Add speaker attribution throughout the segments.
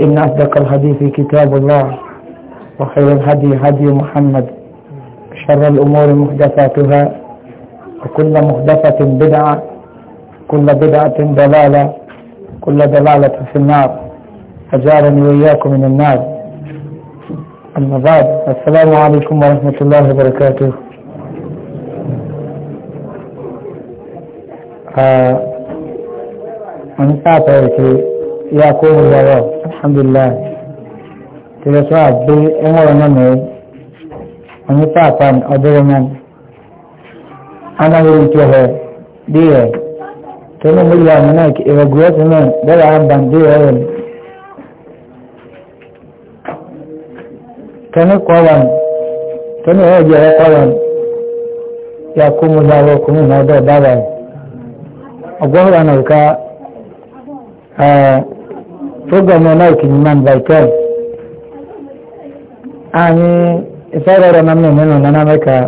Speaker 1: إن أصدق الحديث كتاب الله وخير الهدي هدي محمد شر الأمور محدثاتها وكل محدثة بدعة كل بدعة ضلالة كل ضلالة في النار أجارني وإياكم من النار أما بعد السلام عليكم ورحمة الله وبركاته آه، أنا ساعة ya kó mu yàrá Alhamdulillah. tẹ̀lé sọ àgbé ẹ̀wọ̀n náà mẹ́rin ọ̀nà pàápàá ọ̀dọ́rọ̀ náà anáwó ìtọ́ ẹ̀ díẹ̀ tẹ̀lé mu yàrá mi náà ìrọ̀gùrọ̀ sí náà bẹ́ẹ̀ àbá díẹ̀ rẹ̀ tẹ̀lé kọ́ wà tẹ̀lé ẹ̀jẹ̀ rẹ̀ kọ́ wà ya kó mu yàrá kó mu náà bá wà ọgbọ́n wà náà Uh, program ọ̀nà ìkìní man by ten anyị ịsọrọ ọrụ na mmemme nọ na meka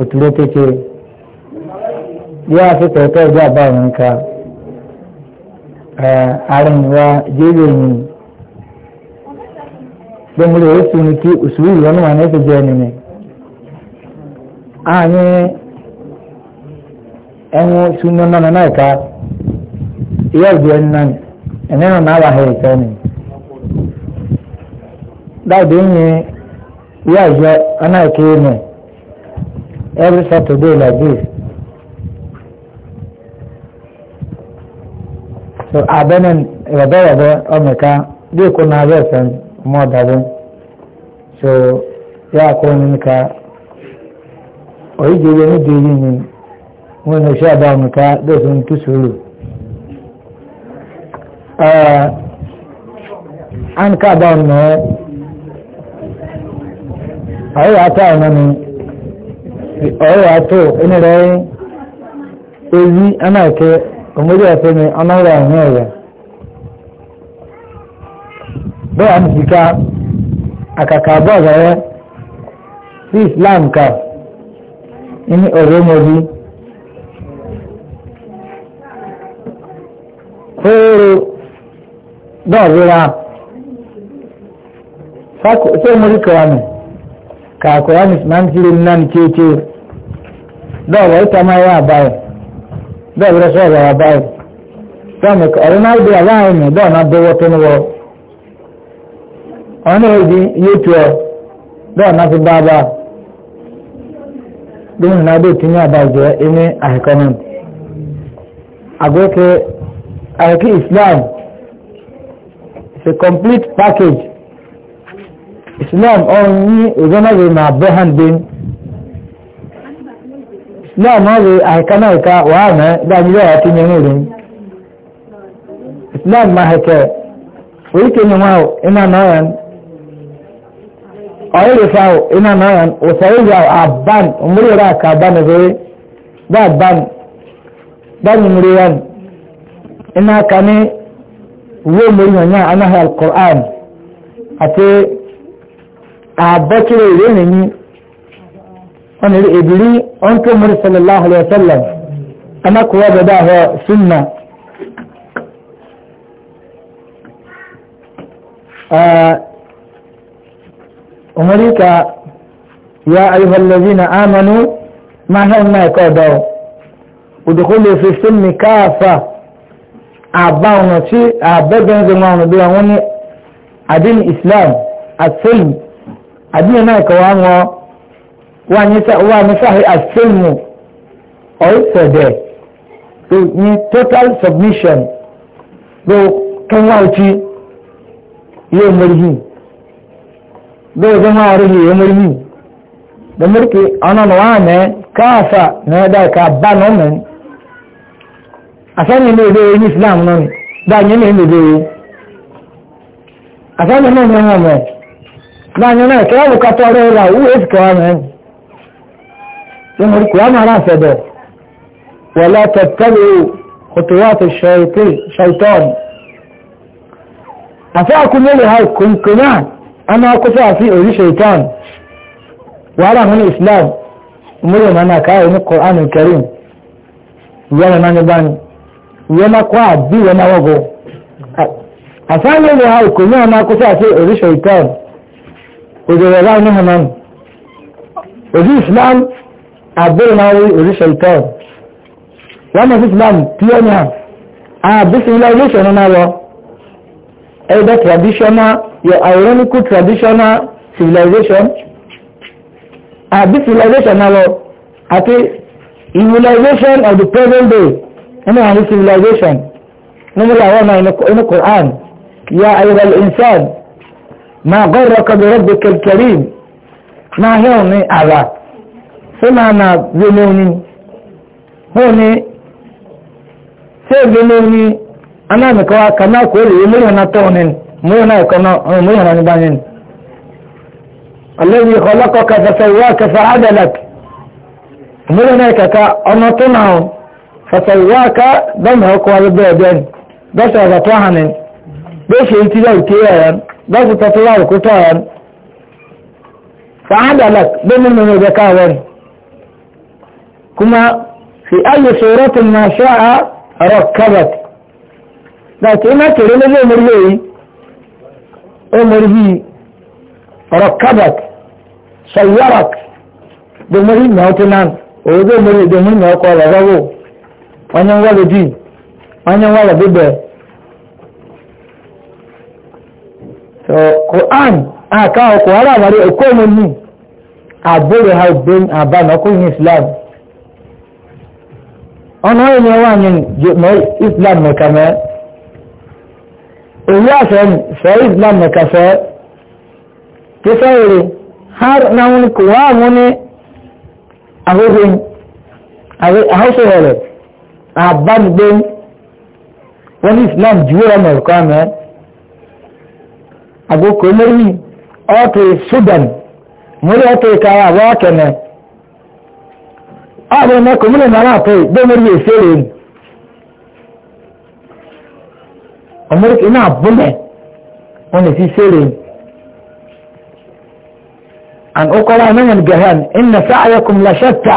Speaker 1: otule teke ya asị tọtọ ọjọ abụọ anyị nka arịnwa jere enyi gbemgbere osi n'ike usoro iwu ọnụ nwanne efe je enyi anyị enwe sunu nọ na meka ìyá òbí na náà ni ẹni náà náà wà hẹ ìfẹ́ ni dáàbí ní ìyá ìjọ saturday like this so abẹ́ni ìrọ̀bẹ́rọ̀bẹ́ ọmọka bí kò náà bẹ́ẹ̀ fẹ́ ọmọ ọ̀dàbẹ́ so yá ka nìka òyìnbó yẹn ní dèrè ni wọn ní oṣù àbá ọmọka bẹ́ẹ̀ an ka da ọ̀nà ọ̀rọ̀ àtọ́ ọ̀nà ni ọ̀rọ̀ àtọ́ ẹni rẹ̀ èyí anáìkẹ́ ọmọdé ọ̀fẹ́ ni ọ̀nàrà ọ̀hún ẹ̀rẹ̀ bẹ́ẹ̀ ni akaka àkàkà bọ́ọ̀gà rẹ̀ islam ka ní ọ̀rọ̀ dọ́ọ̀rẹ́ra ṣé mórí kọwa mi kàkọ́ra mi máa ń tiri nínú ní kéèké dọ́ọ̀rẹ́ ìta máa yá àbáyé dọ́ọ̀rẹ́ sọ̀rọ̀ àbáyé dọ́ọ̀mì ọ̀rẹ́ náà dé na mi dọ́ọ̀nà bẹ́wọ́ tó ń wọ ọ̀nà èdè na tu ọ a bá lóhùn náà dé ime islam. it's a complete package islam ọ̀run ní ògbónáwé máa bẹ́ hàn dé islam ọ̀rẹ́ àìká náà ká wàá mẹ́ dájú lọ́wọ́ tí yẹn rìn islam máa hẹ̀kẹ́ oríkè ni wọn iná náà rẹ̀ ọ̀rẹ́ fa iná náà rẹ̀ òsàrẹ́ ìyá àbán òmúrẹ́rẹ́ àkà àbánirẹ́ bá àbán bá nìmúrẹ́ rẹ̀ iná kan ní ìwé ìmọ̀lẹ́ yàn anáhà alkọ̀án àti àbọ́kiri ìwé ìrìn ní ọ̀nà ìbìrí ọ̀n tó mọ̀rẹ́ sallallahu alayhi wa sallam anákùwà gbọdọ̀ àhọ sunna umarika ya ayyuhal ladina amanu ma hawna ka dawo udkhulu fi sunni kafa àbá ọ̀nà tí àbẹ́gbẹ̀rẹ̀ wọn ọ̀nà bí wọn ní àdín islam àtẹ́lù àdín náà kọ̀ wọn wà ní sáhẹ́ àtẹ́lù ọ̀ẹ́sẹ̀dẹ̀ ní total submission ló kẹwàá ọtí yóò mọ̀rí yìí lóò zama wà rí yóò mọ̀rí yìí kí ọ̀nà káàfà ní ẹ̀dá ìka bá àsánì ilé ìdó ní islam náà ni dáàyé ní ìlú ìdó àsánì náà ní ọmọ ẹ̀ dáàyé náà kí wọ́n kàtọ́ ọ̀rẹ́ ìlà owó èsì kọ́ ọmọ ẹ̀ tí mo kù ọmọ ara àṣẹ̀dọ̀ wọ̀lá tẹ̀tẹ̀lẹ̀ kòtò wà tó ṣàìtọ́ọ̀nù àfẹ́ àkúnlẹ̀ ha kùnkùnà a máa kó fẹ́ àfi orí ṣàìtọ́ọ̀nù wàhálà nínú islam múlò yana kwa bi yana wago a sanin da hau kuma na kusa ce ori shaitan ojere ra ni hanan ori islam abin na wuri ori shaitan wannan islam pioneer a bisin ilation na lọ either traditional your ironical traditional civilization a bisin ilation na lọ àti civilization of the present day nínú àwọn civilization nínú àwọn ọmọ inú quran ya ayọ̀rọ̀ insan ma gọ́rọ̀ kọbẹ̀rẹ̀ bẹ̀kẹ̀ kẹrin máa hẹ́ọ̀ ní àrà tó máa na gbẹ̀mẹ̀ oní hó ní tí ó gbẹ̀mẹ̀ oní anáàmìkọwà kanáàkó èrè mílíọ̀n náà tọ́ ní mílíọ̀n náà ẹ̀kọ́ náà mílíọ̀n náà nígbà ìkọlọ́kọ̀ kẹfẹ́ wá kẹfẹ́ àdẹ́lẹ̀k mílíọ̀n náà kẹta tó náà fasawaka don haukawa da bayan ba sa zato hannun ba su yi tilar tiyayen ba su tafiya da kutayen fa'adalak don nuna da kawai kuma fi ayi tsoratin masu a rakabat da ke na tere onye nwere din onye nwere bíbẹ̀ so quran aka ọkọ̀ ara àwárí ẹ̀kọ́ ọmọ ní àbúrò ha bin aban ọkùnrin islam ọ̀nà ẹ̀yẹ wà ní islam mẹ́ka mẹ́ èyí àṣẹ fẹ́ islam mẹ́ka fẹ́ tí fẹ́ rere har náà wọn kò wá àwọn ní ahóhìn ahóhìn rẹ̀ àbánidé wọ́n ní islam juwé ọmọ ẹ̀kọ́ àmọ́ àgbókò lórí ọ̀tọ̀ sudan múlẹ̀ ọ̀tọ̀ ìkara àwọn akẹ́nẹ̀ ọ̀rọ̀ mẹ́kọ̀ọ́ múlẹ̀ náà àtọ̀ ìgbẹ́mọ̀rí èsèrè ọmọdé náà búlẹ̀ wọ́n lè fi sèrè an okọ́lá mẹ́rin gẹ̀hán inna sáàyẹ̀kùn làṣẹ́ta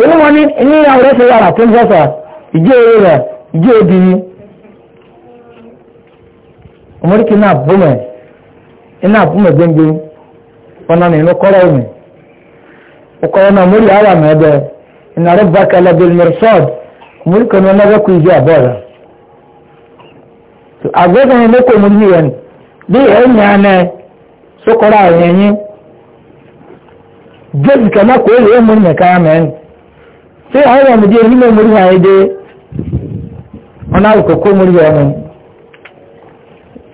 Speaker 1: torí wọn ní níyàwó rẹ̀ ti yàrá tó ń sọ̀sọ̀ ìjẹ́ èrè rẹ̀ ìjẹ́ òdì ni ọmọdékì náà búmẹ̀ iná búmẹ̀ gbẹ́ngbẹ́ ọ̀nà nínú kọ́rọ̀ ìmẹ̀ ọkọ̀rọ̀ náà mórí ara mi ẹ̀bẹ̀ iná rẹ̀ bá kẹlẹ̀ bí mẹ́rẹ̀sọ́d ọmọdékì ní ọmọdé kú ìjẹ́ àbọ̀ rẹ̀ àgbẹ̀gbẹ̀ ni lókò mú ní rẹ̀ bí ẹ̀ ń yàn án sókọ̀rọ̀ àrùn ẹ̀yìn jésù kẹ́mọ́ kò ó lè mú nìkan mẹ́rin sai a yawa muje ni mai murya ya dai ana uku ko murya mun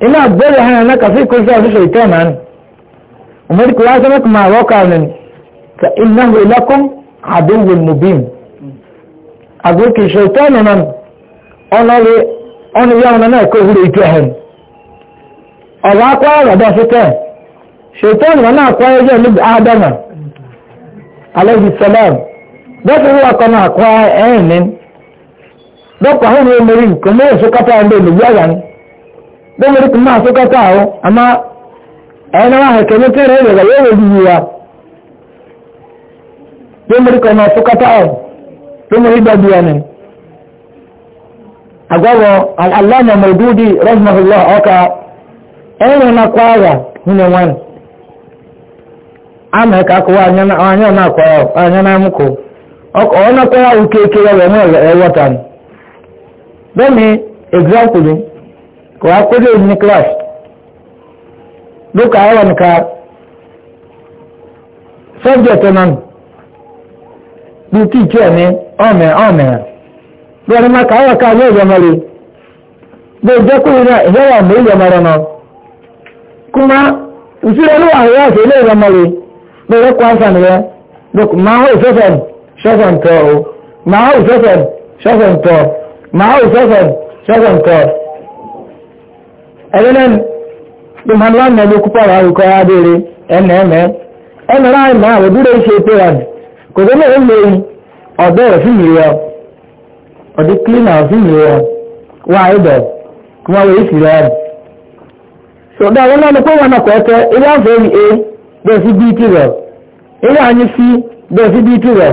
Speaker 1: ina bari hana na kafi ko sai su shaita nan umar ku ya zama kuma waka nan fa innahu lakum aduwwun mubin agoke shaita nan ona le ona ya ona na ko hure ito hen ọba kwa wa da shaita shaita nan na kwa ya ni adama alayhi salam dọ́kì rí ọkọ̀ náà kọ́ ẹ̀yìn ní dọ́kì àwọn ohun mẹ́rin kò mọ́ ìṣókátà ẹgbẹ́ ìlú yára ní dọ́mọ̀rí kò máa ṣókátà ama àmá ẹ̀yìn náà hẹ̀kẹ́ ní tíra ìrẹ̀lẹ̀ yóò rẹ̀ yìí wa dọ́mọ̀rí kò máa ṣókátà ọ́ dọ́mọ̀rí dọ́bí ẹni agọ́wọ́ aláàmà mọ̀dúdí rọ́sùmọ̀lá ọkà ẹ̀yìn náà kọ́ àwà nínú wọn àmà ẹ̀ka kọ́ wa anyá náà kọ́ ọ̀ anyá náà mú kọ́ ọ̀nà kọ́ wá òkè kéré rẹ̀ mọ́ ẹ̀wọ́ ta ni bẹ́ẹ̀ni example ni kò wá kó dé ní class lókà ẹ̀wọ̀ nìka subject ọ̀nà ní tíìtì ẹ̀ ní ọ̀mẹ̀ ọ̀mẹ̀ bẹ́ẹ̀ni máa kà ẹ̀wọ̀ ká ní ìjọba rẹ̀ bẹ́ẹ̀ jẹ́ kó yẹn ìjọba àmọ́ ìjọba rẹ̀ náà kuma ìṣúra ló wà ní ìyá àti ilé ìjọba rẹ̀ bẹ́ẹ̀ kó àǹfààní rẹ̀ máa ń ìfẹ́fẹ́ ni ṣọ́sọ̀ntọ̀ o máa ò ṣọ́sọ̀ntọ̀ máa ò ṣọ́sọ̀ntọ̀ ẹgbẹ́lẹ́n tó máa wá mẹ́ ló kúpọ̀ àwọn ikọ̀ adére ẹnẹ́mẹ́ ẹnìrá ìmọ̀ àwọn ìdúró ṣe pérad kò tó mẹ́rin lórí ọ̀dọ́ rẹ̀ sí ìrẹ́ ọ̀dí kílínà sí ìrẹ́ wà ìdọ̀ kí wọ́n wọ́n sì rẹ́ sọ̀dọ̀ àwọn náà ni pé wọn nàkọ̀ ẹ̀tẹ́ ilé àfẹ́ mi a bẹ́ẹ̀ sí bí tìrọ̀ ilé àyín sí bẹ́ẹ̀ sí bí tìrọ̀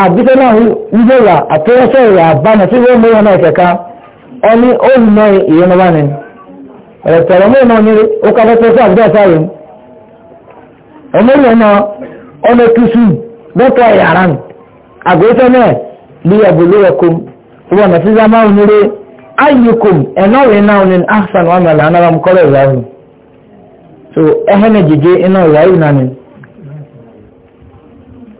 Speaker 1: àbíkẹ́ náà ilé ìyà àtẹ́wọ́sẹ̀ ìyà àbámu tí wọ́n mẹ́wọ́n náà kẹ̀kẹ́ ọ ní olùmọ̀ ni ẹ̀rẹ̀tẹ̀rẹ̀ mọ́ ìmọ̀ ní ó kápẹ́ tó náà ọmọ tuntun lọ́tọ̀ ìyàrá ni náà lè ẹ̀bùlé ẹ̀kọ́ wọn nà sísá máa ń lé ayyukum ẹ̀nọ́wé náà ni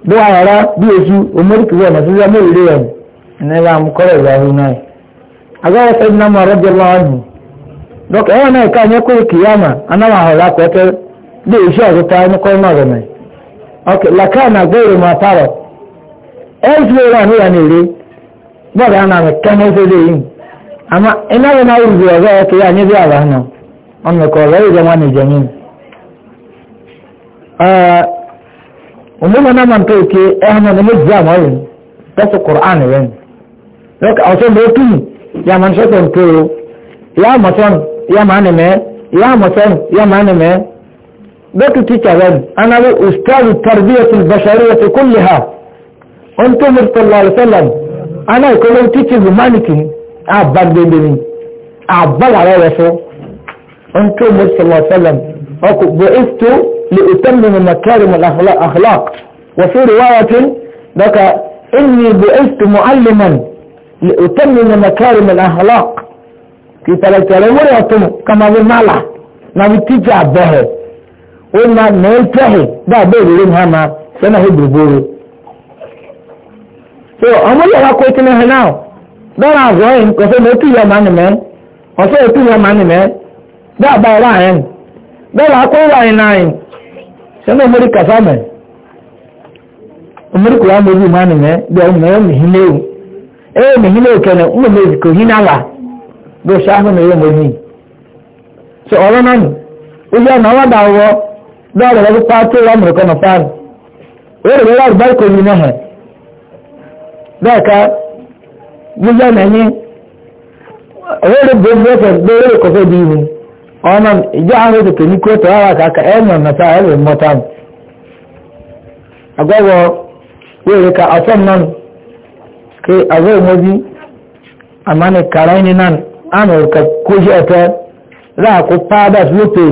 Speaker 1: bó àyàrá bí èṣù omorikiri ọ̀nà tó sábẹ́ ìrè ẹ̀ nígbà àmukọ́rọ̀ ìyàwó náà agbára sẹ́yìn náà máa rọ́jò lọ́wọ́ nù dọ́kà ẹ̀wọ̀n náà káà nyẹ́kọ́ kiyama anáwó àhọ̀rọ̀ akọ̀tẹ́ bí èṣù umuma na man to ke eh na ne ja ma yin ta su qur'an yin dok a so do tu ya man so ton to ya ma ton ya ma ne me ya ma ton ya ma ne me dok ti ta wan ana wa ustad tarbiyat al bashariyah kullaha antum sallallahu alaihi wasallam ana ko lo teach humanity a bagbe ni a bala re so antum sallallahu alaihi wasallam ko bo istu لأتمم المكارم الأخلاق وفي رواية ذكى إني بعثت معلما لأتمم مكارم الأخلاق في ثلاثة لمرة كما بالمعلى نبي تجع به وإما نلتهي ده بيري لهم هما سنة هدر بوري so ọmọ yẹn wá kó tí ní hẹ́nà dọ́là àgọ́ yìí kò sọ ètú yẹn máa nìmẹ́ ọ̀sẹ̀ ètú yẹn máa nìmẹ́ dáàbà sẹ́nà omori kàfá mẹ́ omori kò wá mọ ibi ìmánu mẹ́ bí ọmọ ẹ̀ mi hin léwu ẹ̀ mi hin léwu kẹ́nẹ̀ ń mọ̀ kò hin àlà bí o ṣáà fún mi yóò mọ̀ ní. sọ ọ̀rọ̀ náà nù ojú ọ̀nà ọ̀wádà ọwọ́ bí ọ̀rọ̀ rẹ̀ pa tó wà mọ̀rọ̀kọ́ nà fáàrù èrè rẹ̀ láti báyìí kò ní náà hẹ̀ bẹ́ẹ̀ ká gbígbẹ́ mẹ́yìn ọnụ ije ahụ edote n'ikwu otu awa ka aka enwe mmeta ebe mmụta m agwagwọ were ka ọsọ nọ ke azụ omozi amani karaini nan anụ ka koji ọtọ raakụ padas lope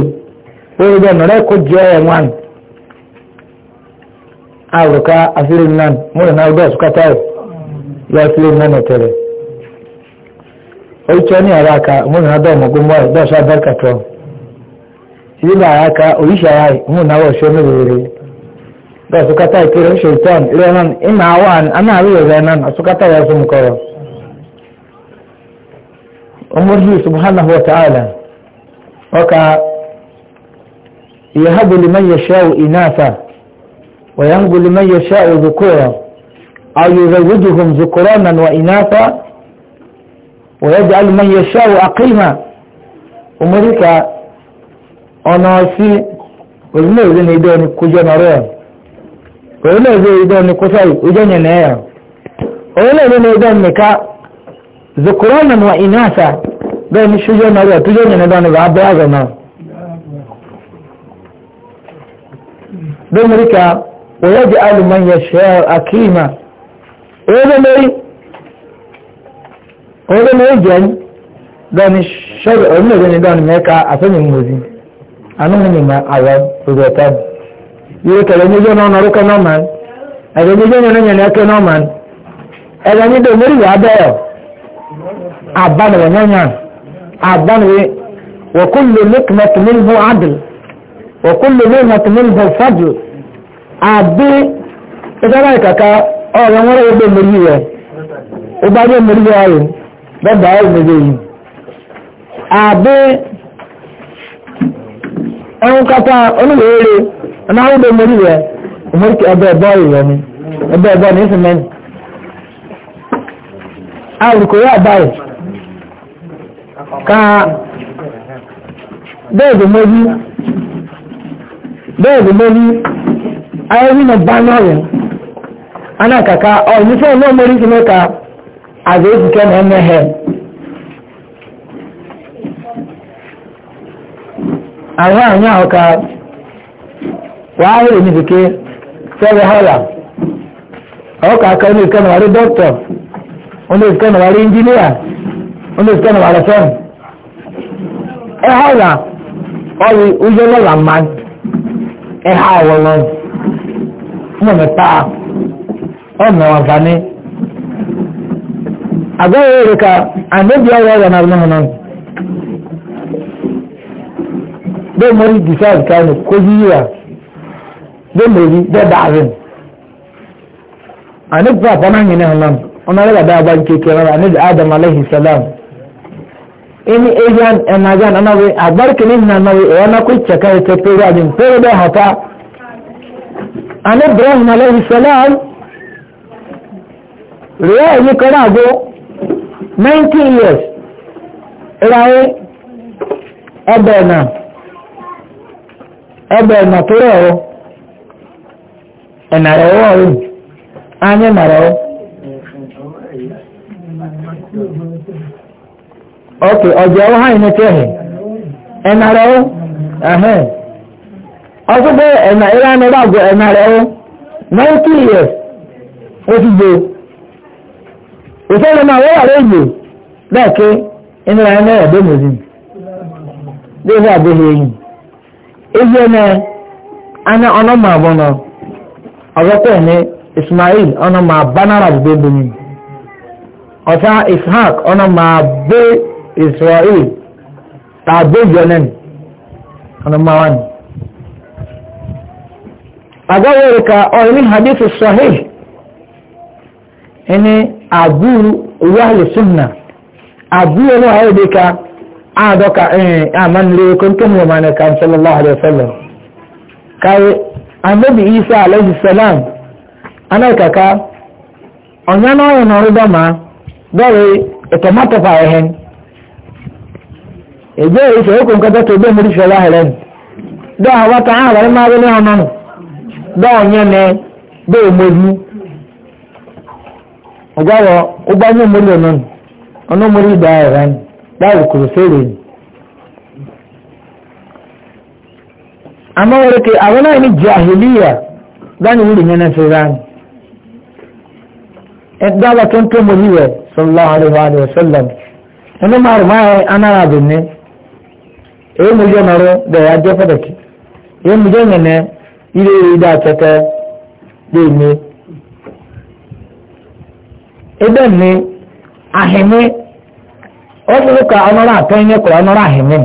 Speaker 1: were bẹ nọrọ na jẹ ẹ nwan awụrụ ka asịrị nan mụ na na ọdọ asụkata yọ asịrị nan oito ni araka umuntu nado mugumo do sha barkato yiba araka oisha yai umuntu nawo shome bibiri do sukata ikiro shaitan lenan ina awan ana ariyo zanan sukata ya su mukoro umurhi subhanahu wa ta'ala waka yahabu liman yashau inatha ويهب لمن يشاء ذكورا أو يزوجهم ذكرانا وإناثا ويجعل من يشاء أقيما أمريكا أناسي وزمي وزن يدوني كجانا ريا ولا زي يدوني كساي وجانا نيا ولا زي يدوني كا ذكرانا وإناثا بين شجانا ريا تجانا ندوني بعبا أغنى بأمريكا ويجعل من يشاء أقيما ولا زي onye na-eji anyị dọni shọrọ onye na-eji dọni mee ka asọnye mmozi anụghị ma awa oge ọta ihe kere onye ije n'ọnụ ọrụkọ n'ọman ebe onye onye onye na eke n'ọman ebe anyị dị omeri ya abịa abanere nyanya abanere wakullu nikmat minhu adl wakullu nikmat minhu fadl abi ebe anyị kaka nwere omeri ya ụgbọ anyị omeri ya don da yawon da zai yi abe ẹun kata oníwèrè anáwó bẹ mọ nílẹ ìmọ̀lùkì ẹbẹ ẹbọ ni ẹbẹ ẹbọ ní ìfìmẹ́ ni alùkò yà báyìí ka bẹ́ẹ̀ bẹ ayé nínú bá náà rẹ̀ anákàká àti èsì kẹ́ni ẹ̀ mẹ́hẹ̀. àwọn àyàn ọ̀ka wàá rí èmi kìkì sẹ́rẹ̀ hàlà ọ̀ka kan ní ìkànnì wàá rí dọ́kítọ̀ ọ̀nà ìkànnì wàá rí ẹnjìníà ọ̀nà ìkànnì wàá rí fẹ́ẹ̀mù. ẹ̀ hàlà ọ̀rí ojú ọlọ́lá máa ẹ̀ hà ọ̀wọ́ lọ́nù. mọ̀ mẹ́ta ọ̀nà ọ̀nfààní. agwaye rika annabi ya yi ranar nan don mori decide ka ne ko yiwa don mori da da'arin annabi ba fanan yi ne nan ona rika da ban ke kira annabi adam alaihi salam in ejan enajan anawe abarkinin nan nawe yana kwicce kai ta fere abin fere da hata annabi ibrahim alaihi salam riya yi karago 19 years ìràwé ẹbẹ̀ ẹ̀nà ẹbẹ̀ ẹ̀nà tó rẹ̀ ọ́ ọrụ ọrụ anyị ọ̀rùn ọrụ ok ọjọọ ọ́ ha ọ̀jọ̀ ọ̀hún hàn ní tẹ́hìn ẹ̀nà rẹ̀ ọ́ ẹ̀hìn ọ̀sùn pé ẹ̀nà ìrànlọ́gbọ̀ ẹ̀nà rẹ̀ ọrụ 19 years ó ti òṣèlú náà wọ́n wà lẹ́ẹ̀kẹ́ inú ra ẹni ẹ̀dọ́ mòzin lórí àgbéhì ẹ̀yìn èyí ẹ̀nà ẹni ọ̀nàmà àbọ̀nà ọ̀rọ̀pẹ̀ ismail ọ̀nàmà banara àdúgbò bìnrin ọ̀tá ishaq ọ̀nàmà bẹ́ israel tàbí jọnẹ́n ọ̀nàmà wọn. àgbáwọ̀ ẹ̀ka ọ̀rẹ́ ní hadith sahih ẹni. abu wahli sunna abu wani wahayi da ka a doka eh aman le kun tun wa mana kan sallallahu alaihi wasallam kai annabi isa alaihi salam ana kaka onya na oyo na rudo ma dole tomato fa ehen eje ise ko nkan to be muri shola helen da wa ta ala ma be ne onon da ne be mozu ọgbàwọ ụgbọ onye mmiri nọ ọnụ mmiri ịda ahịa gbawo kwuru sere amma wani ke a wani ni jahiliya gani wuri ne na firani ẹgbẹ́ wa tó ń tó mo yíwẹ̀ sallallahu alaihi wa sallam ẹni máa ma ẹ anára bì ní èyí mo jẹ́ nàró bẹ̀rẹ̀ ajẹ́ pàtàkì èyí mo jẹ́ nànẹ́ ilé ìdá àtẹ́tẹ́ lè ní ebe ne ahime ọmụrụ ka ọnọrọ atọ ihe kụrụ ọnọrọ ahime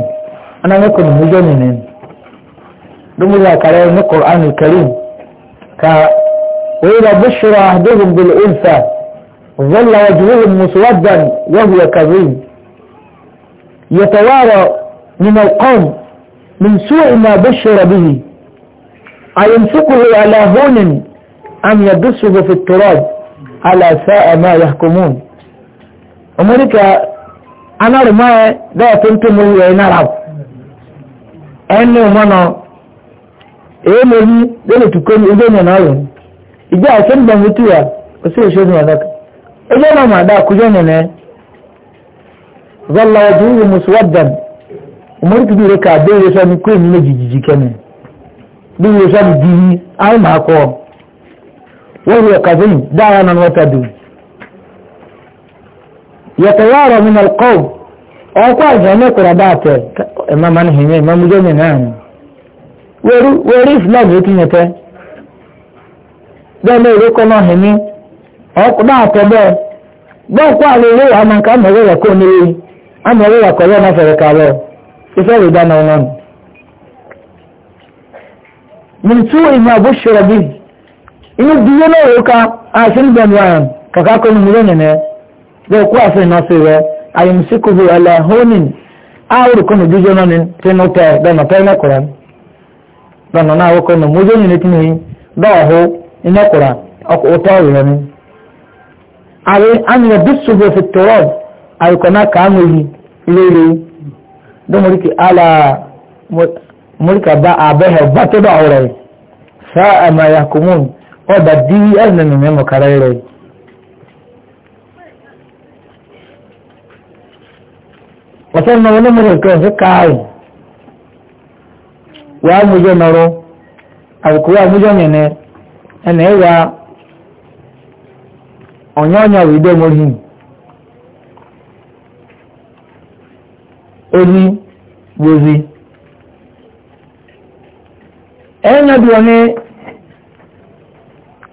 Speaker 1: ana ne kụrụ mụjọ nene dumuri akara ne kụrụ anụ karim ka وإذا بشر أحدهم بالأنثى ظل وجهه مسودا وهو كظيم يتوارى من القوم من سوء ما بشر به أيمسكه على هون أم يدسه في التراب ala sa'a ma yahkumun amerika anar mae da tuntum ye narab enu mono emeri dele tukoni ugenye nawe ije asen bamutia ose shezi wadaka ije na ma mada kujene ne zalla wajuhu muswaddan umar ki dire ka dele so ni kwen ne jijiji kene dele so ni di ai ma ko وهو كظيم دعنا وتدون يتوارى من القوم ọkwa ìjọmẹ́kù rabáàtẹ̀ ẹ̀mà ma ní hìnyẹ́ ìmọ̀ mú jẹ́mì náà ni wẹ́rí islam inú díye náà yóò ká àṣìlbẹ̀mù àrùn kàkà kọ́nù mú lónìí rẹ̀ bẹ́ẹ̀ kú àṣẹ iná sí rẹ̀ àyẹ̀mùsíkòbò aláhónìn áwòrò kọ́nù díje náà ní tínú tẹ́ bẹ́ẹ̀ náà tẹ́lẹ̀ kọ̀rọ̀ bẹ́ẹ̀ náà wọ́n kọ́nù mú lónìí ní tínú bẹ́ẹ̀ hó iná kọ̀rọ̀ ọkọ̀ ọ̀tọ̀ rẹ̀ ni. àwẹ̀ àmìlẹ̀ bí ṣubú fi tọ̀rọ̀ àyùkọ̀nà kàánù yìí ọba di ẹnu nù mẹ́mọ̀ kára rẹ̀ ọ̀sẹ̀ nà wọn mọ̀ nǹkan ọ̀sẹ̀ káàrù wàá mújọ nọrọ àbùkù wàá mújọ nyẹnẹ ẹnà ẹwà ọ̀nyọ́nyà wò dé mọ́ yìí oní wòzi ẹ̀yìn bí wọn ní.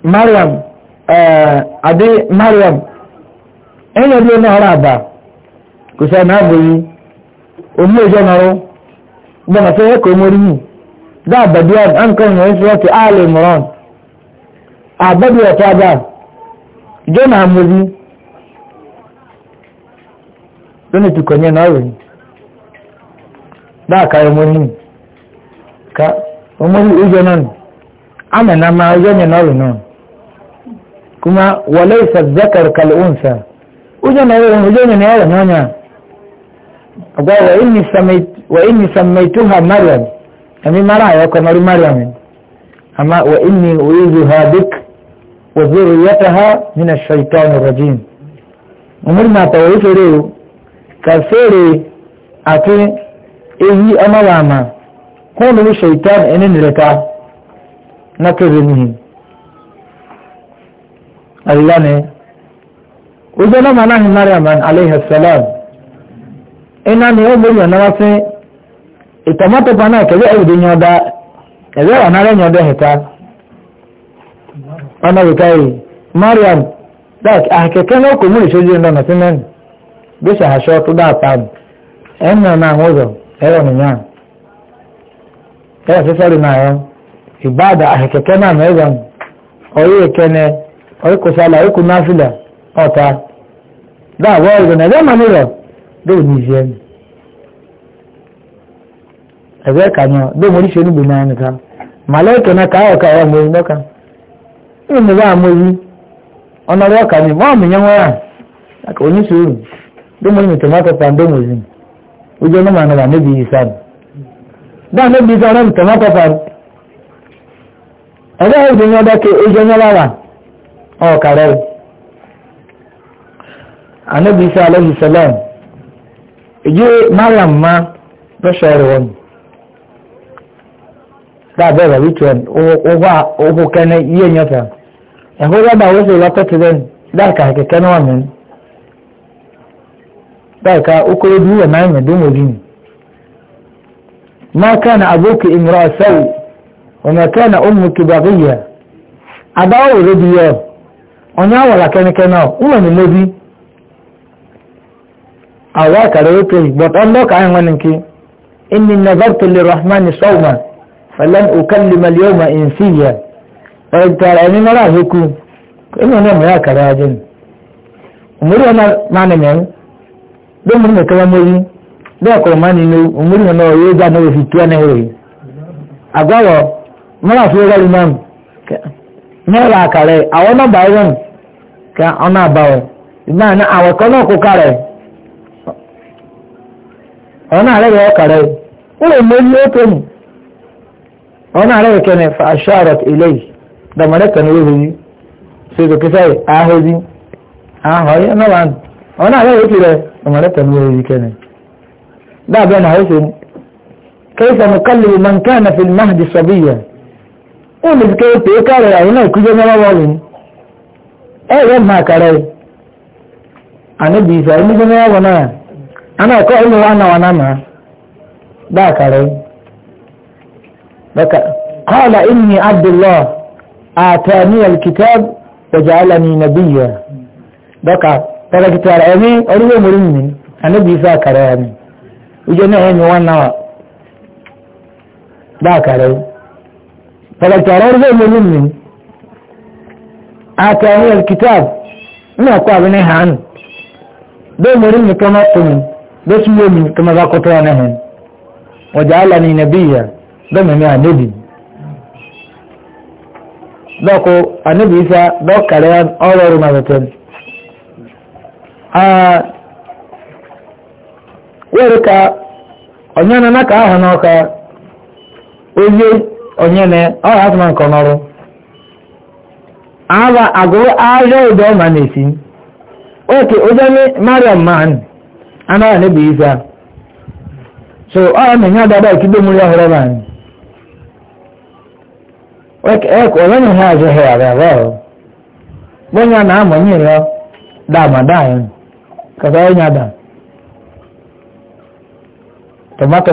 Speaker 1: mariam e, adi mariam enye dị ọrụ aba na abụghị omumeje nọrọ mgbe na sọ ka omori mu da abadi ab anka na esi ọtị ala mụrọn abadi ọtọ aba je na amụzi lónìí tí kò ní ẹ̀nà ọ̀rọ̀ yìí dáàkà ọmọrí nì ká ọmọrí ìjọ náà nì àmì ẹ̀nà máa kuma walaisa zakar kal'unsa ujan na yawon ujan na yawon nanya agwa wa inni sammaituha maryam ami mara ya kamar maryam amma wa inni uizuha bik wa zurriyataha min ash-shaytanir rajim umur ma tawiso re ka sere ati eyi amawama ko ni shaytan enin reta na kebe mihin alilani ojala na hin mariam alayhi salam ina ni o muri na wase itamato bana kebe e de nyoda ebe wa e nare nyoda heta mariam ah, na sinen bisa ha shotu da pam na ngozo ewa ni nya ewa sesari ibada ahkeke na mezan oyi ekene ọ̀ríkò sálà ọ̀ríkò náfìlà ọ̀ta dáàbọ̀ ọ̀rọ̀ ẹ̀rẹ́ mà lóò ní ìṣẹ́ ni ẹ̀rẹ́ kàyàn lóò mọ̀ oríṣi náà nìkan màlẹ́kẹ̀ náà káyọ̀ ká ọ̀rọ̀ mọ̀rin lọ́ka ní ìnira àmọ́yí ọ̀nà ọ̀rọ̀ wọ́n sùúrù lóò ojú ọ̀nà ọ̀kàrẹ́ o anabi isa alayhi salam èyí mariam ma lọ́sọ̀ rẹ̀ wọn dábẹ́ rẹ̀ wíjọ owó kẹ́ni yíyẹ nyọ́ta ẹ̀hó rẹ́bà owó sì lọ́pẹ́tì rẹ̀ dáìka kẹ̀kẹ́ náà mi dáìka okòrò bí wọ́n náà yẹn dúnmọ̀ bí mi ma kana aboki imra sawi wa ma kana ummuki baghiya abawo rediyo onye awara kenike na ụmụ n'emebi awa kara oke but ọndọ ka anyị nwere nke inni nazartu lirahmani sawma falan ukallima alyawma insiya wa tara ni mara heku ina ne mu ya kara ajin umuri na mani men do mun ne kala muri do ko mani ne umuri na o yeza na o fitia na hore agawo mara so ga limam nyɛla akarɛ awɔ nɔba yɛ ka ɔna aba wɔ ìgbà náà àwọ̀ kan náà kó karẹ̀ ọ̀nà àrẹ̀ yọ karẹ̀ ó lè mú ilé tó nù ọ̀nà àrẹ̀ kẹ́ni fàṣọ àrọ̀ ilé yìí dọ̀mọ̀dẹ́ kan ní wọ́n yìí ṣe kò kíkẹ́ àhóyí àhóyí ọ̀nà wà nù na àrẹ̀ yóò ti rẹ̀ dọ̀mọ̀dẹ́ kan ní wọ́n ó lè fi kéré pé kárẹ̀ àyínà ìkújẹ́ mọ́lọ́wọ́ rẹ̀ ẹ̀rẹ́ máa kárẹ̀ àníbi ìfẹ́ oníjẹ́ mọ́lọ́wọ́ náà àná ẹ̀kọ́ ìlú wa náà wà náà bá kárẹ̀ bẹ́ẹ̀ kọ́ọ̀lá ìní abdullọ́ àtẹ̀mí alkitab ọjàálà ní nàbíyà bẹ́ẹ̀ bẹ́ẹ̀ kìtàrà ẹ̀mí orílẹ̀ mọ́rí mi àníbi ìfẹ́ kárẹ̀ mi ìjọ náà ẹ̀mí wọn náà bá kárẹ̀ فالقرار زي اللي مني آتاني الكتاب ما قابلني هان دو مرين كما قمن دو سمومن كما ذاقطوانهن وجعلني نبيا دو من نبي dɔkò anabi isa dɔkari an ɔlɔri ma zaton aa wɛrɛ ka ɔnyana naka ahụ n'ọka oye onye na ọrụ asụma nke ọrụ aba agụrụ ahịa ụdọ ma na-esi oke ụdọ mariam man anaghị na-ebu isa so ọrụ na ihe adada ikide mmiri ọhụrụ ma anyị onye e, na ihe azụ ha ọrụ onye na-amụ nye ya damada onye ada tomato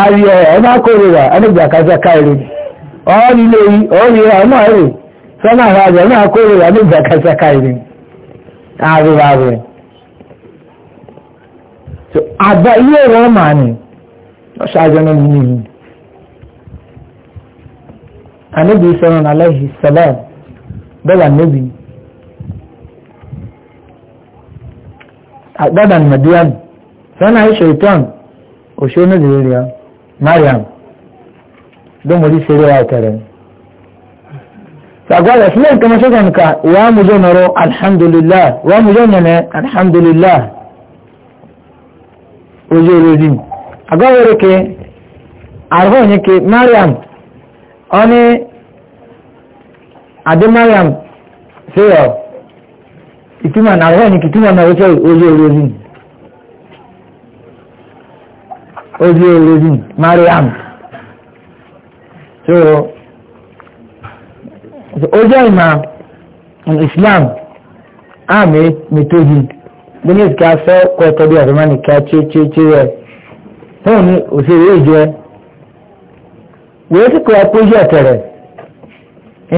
Speaker 1: ayọ ọmọ akọrọwà anìgbàkájá káìrí ọ̀rí lè yí ọ̀rí ọmọ rẹ̀ sọ́nà àwàjọ ọmọ akọrọwà anìgbàkájá káìrí àríwá rẹ̀ so àbá ilé wọn mà ní ọ̀ṣájọ́ náà ní ìlú àníbi sọ́nà aláìsí sọ́lá bẹ́ẹ̀ níbi àgbàdàn mẹ́díàmù sọ́nà ìṣòro tán òṣèlú nìyẹn mariam don mu ji shirya ya tare sagwa da shirya kamar shagan ka wa mu zo naro alhamdulillah wa mu zo nane alhamdulillah oje rozi agawere ke arho ne ke mariam oni ade mariam sayo ituma na arho ne kituma na oje rozi ojú orogún mariam so ojú ìmọ̀ islam àmì mìtòjì bí ní ìkà fẹ́ kọ́ ẹ̀kọ́ bí àfẹ́mọ́ nìkà tíétíétí rẹ̀ fún ní òṣèré ìjọ wèé sì kọ́ ẹ̀kọ́jú ẹ̀tẹ̀rẹ̀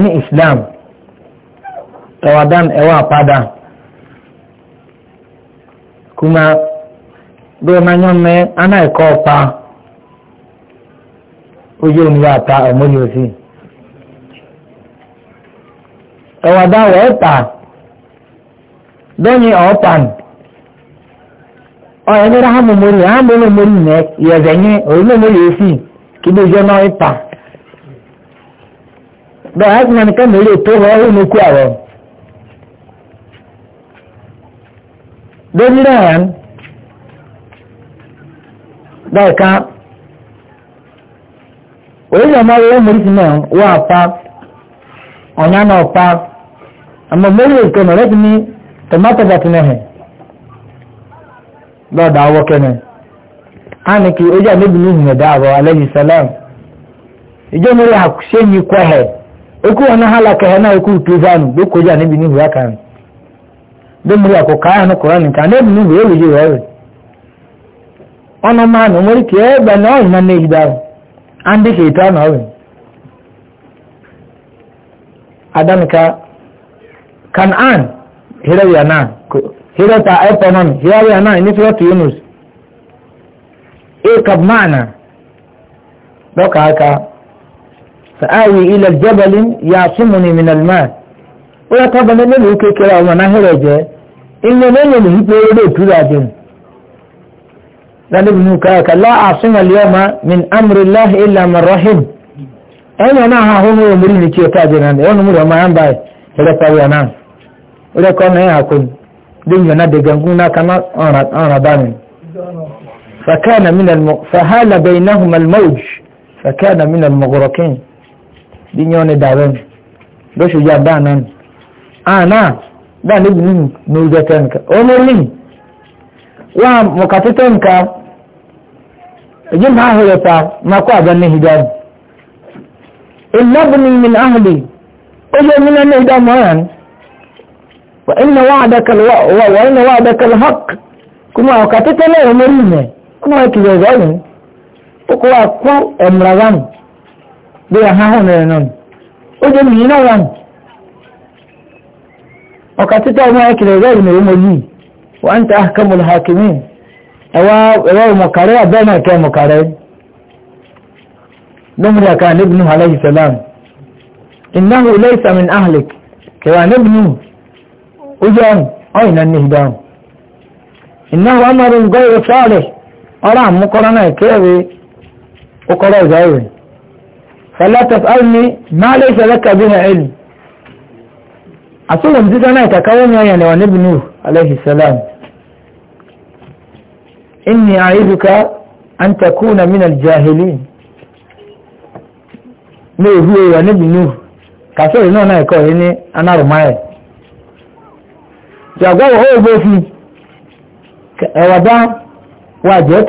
Speaker 1: ní islam ẹ̀wàdán ẹ̀wà padà kuma bí ma nyɔ mɛ ana ɛkɔ pa oye omi yà ta ɛmɔ yóò si ɛwàdà wɔ ɛta dɔnyi ɔpan ɔyɛ ní rahamu mori rahamu ní mori nɛ yɛzɛ nyi oye ní si kí bí jɛ náà ɛta bɛɛ ayé sinani ká mèrè tó wɔ ɛwɔ ní kú onye orílẹ̀ ọmọ orílẹ̀ mọ̀lẹ́sì na ụwa pa ọ̀nyá náà pa àmọ́ mẹ́rin nke náà rẹ́tí ní tomato bàtí náà oji lọ́dà awọ́ na á ní kí ojú àlébi ní ìhìnà na alẹ́yìn sẹ́lẹ̀m ìjọ mẹ́rin àṣẹ yìí kọ́ hẹ̀ ekú na náà hálàkẹ́ hẹ̀ náà ekú tùzánù ló kọjá níbi ọrụ. ọnụ mmanụ nwere ike ebe na ọyị na mmegide ahụ andị ka ito na ọyị adamika kan an hero ya na hero ta eponon hero ya na ni sura yunus ikab mana doka haka sa'awi ila jabalin yasumuni min alma o ya ta bana ne lu kekere awon na hero je inne ne ne ni pe o sani bin kaka la asuma liyoma min amrillah illa man rahim ẹni ọ̀nà ha hún ní omori ní kí o tàbí náà ẹ̀wọ̀n omori ọmọ ya ń báyìí ẹ̀rẹ́ pàwọ́ ẹ̀ náà ẹ̀rẹ́ kọ́ ní ẹ̀yà kún dé ìyọ̀ náà dẹ̀gẹ̀gún náà kaná ọ̀ràn bá mi. fakana minal mo fahala bẹ̀yìn náà humal mọ́j fakana minal mọ̀gọ́rọ̀kín bí yẹn ní mi lóṣù yá bá náà ni. bá níbi nínú ní ìjẹ́ جن أهل تا ما قاد النهدان إن ابني من أهلي أجل من النهدان ما وإن وعدك الو... و... وإن وعدك الحق كما وكتت له مريمة كما يكي ذلك وكوا أكو امرغان بيا هاهون لنون أجل من هنا وكتت له ما يكذي وأنت أحكم الحاكمين ẹwà mọ̀kàrẹ́ àbẹ́nà kẹ́ mọ̀kàrẹ́ lọ́mọdé àká níbinú aláyhi salam ìnáhù lẹ́sà min ahlik kẹwà níbinú ó jẹ́ ọ̀yìn náà ní ìdáhùn ìnáhù amadu gọ́ọ̀rọ̀ sọ́ọ̀lẹ̀ ọ̀rọ̀ àmúkọ́rọ́ náà kẹ́rẹ́ ọkọ̀rọ̀ ìzáwẹ̀ falatas alni máa lè ṣẹlẹ̀ kàbí na ẹlì àtúwọ̀n títí náà ìtàkàwọ́ inni a'iduka an takuna min al ne huwe ya nabi nuh kasoro náà náà ẹ̀kọ́ yìí fi ẹ̀wàdá wà jẹ́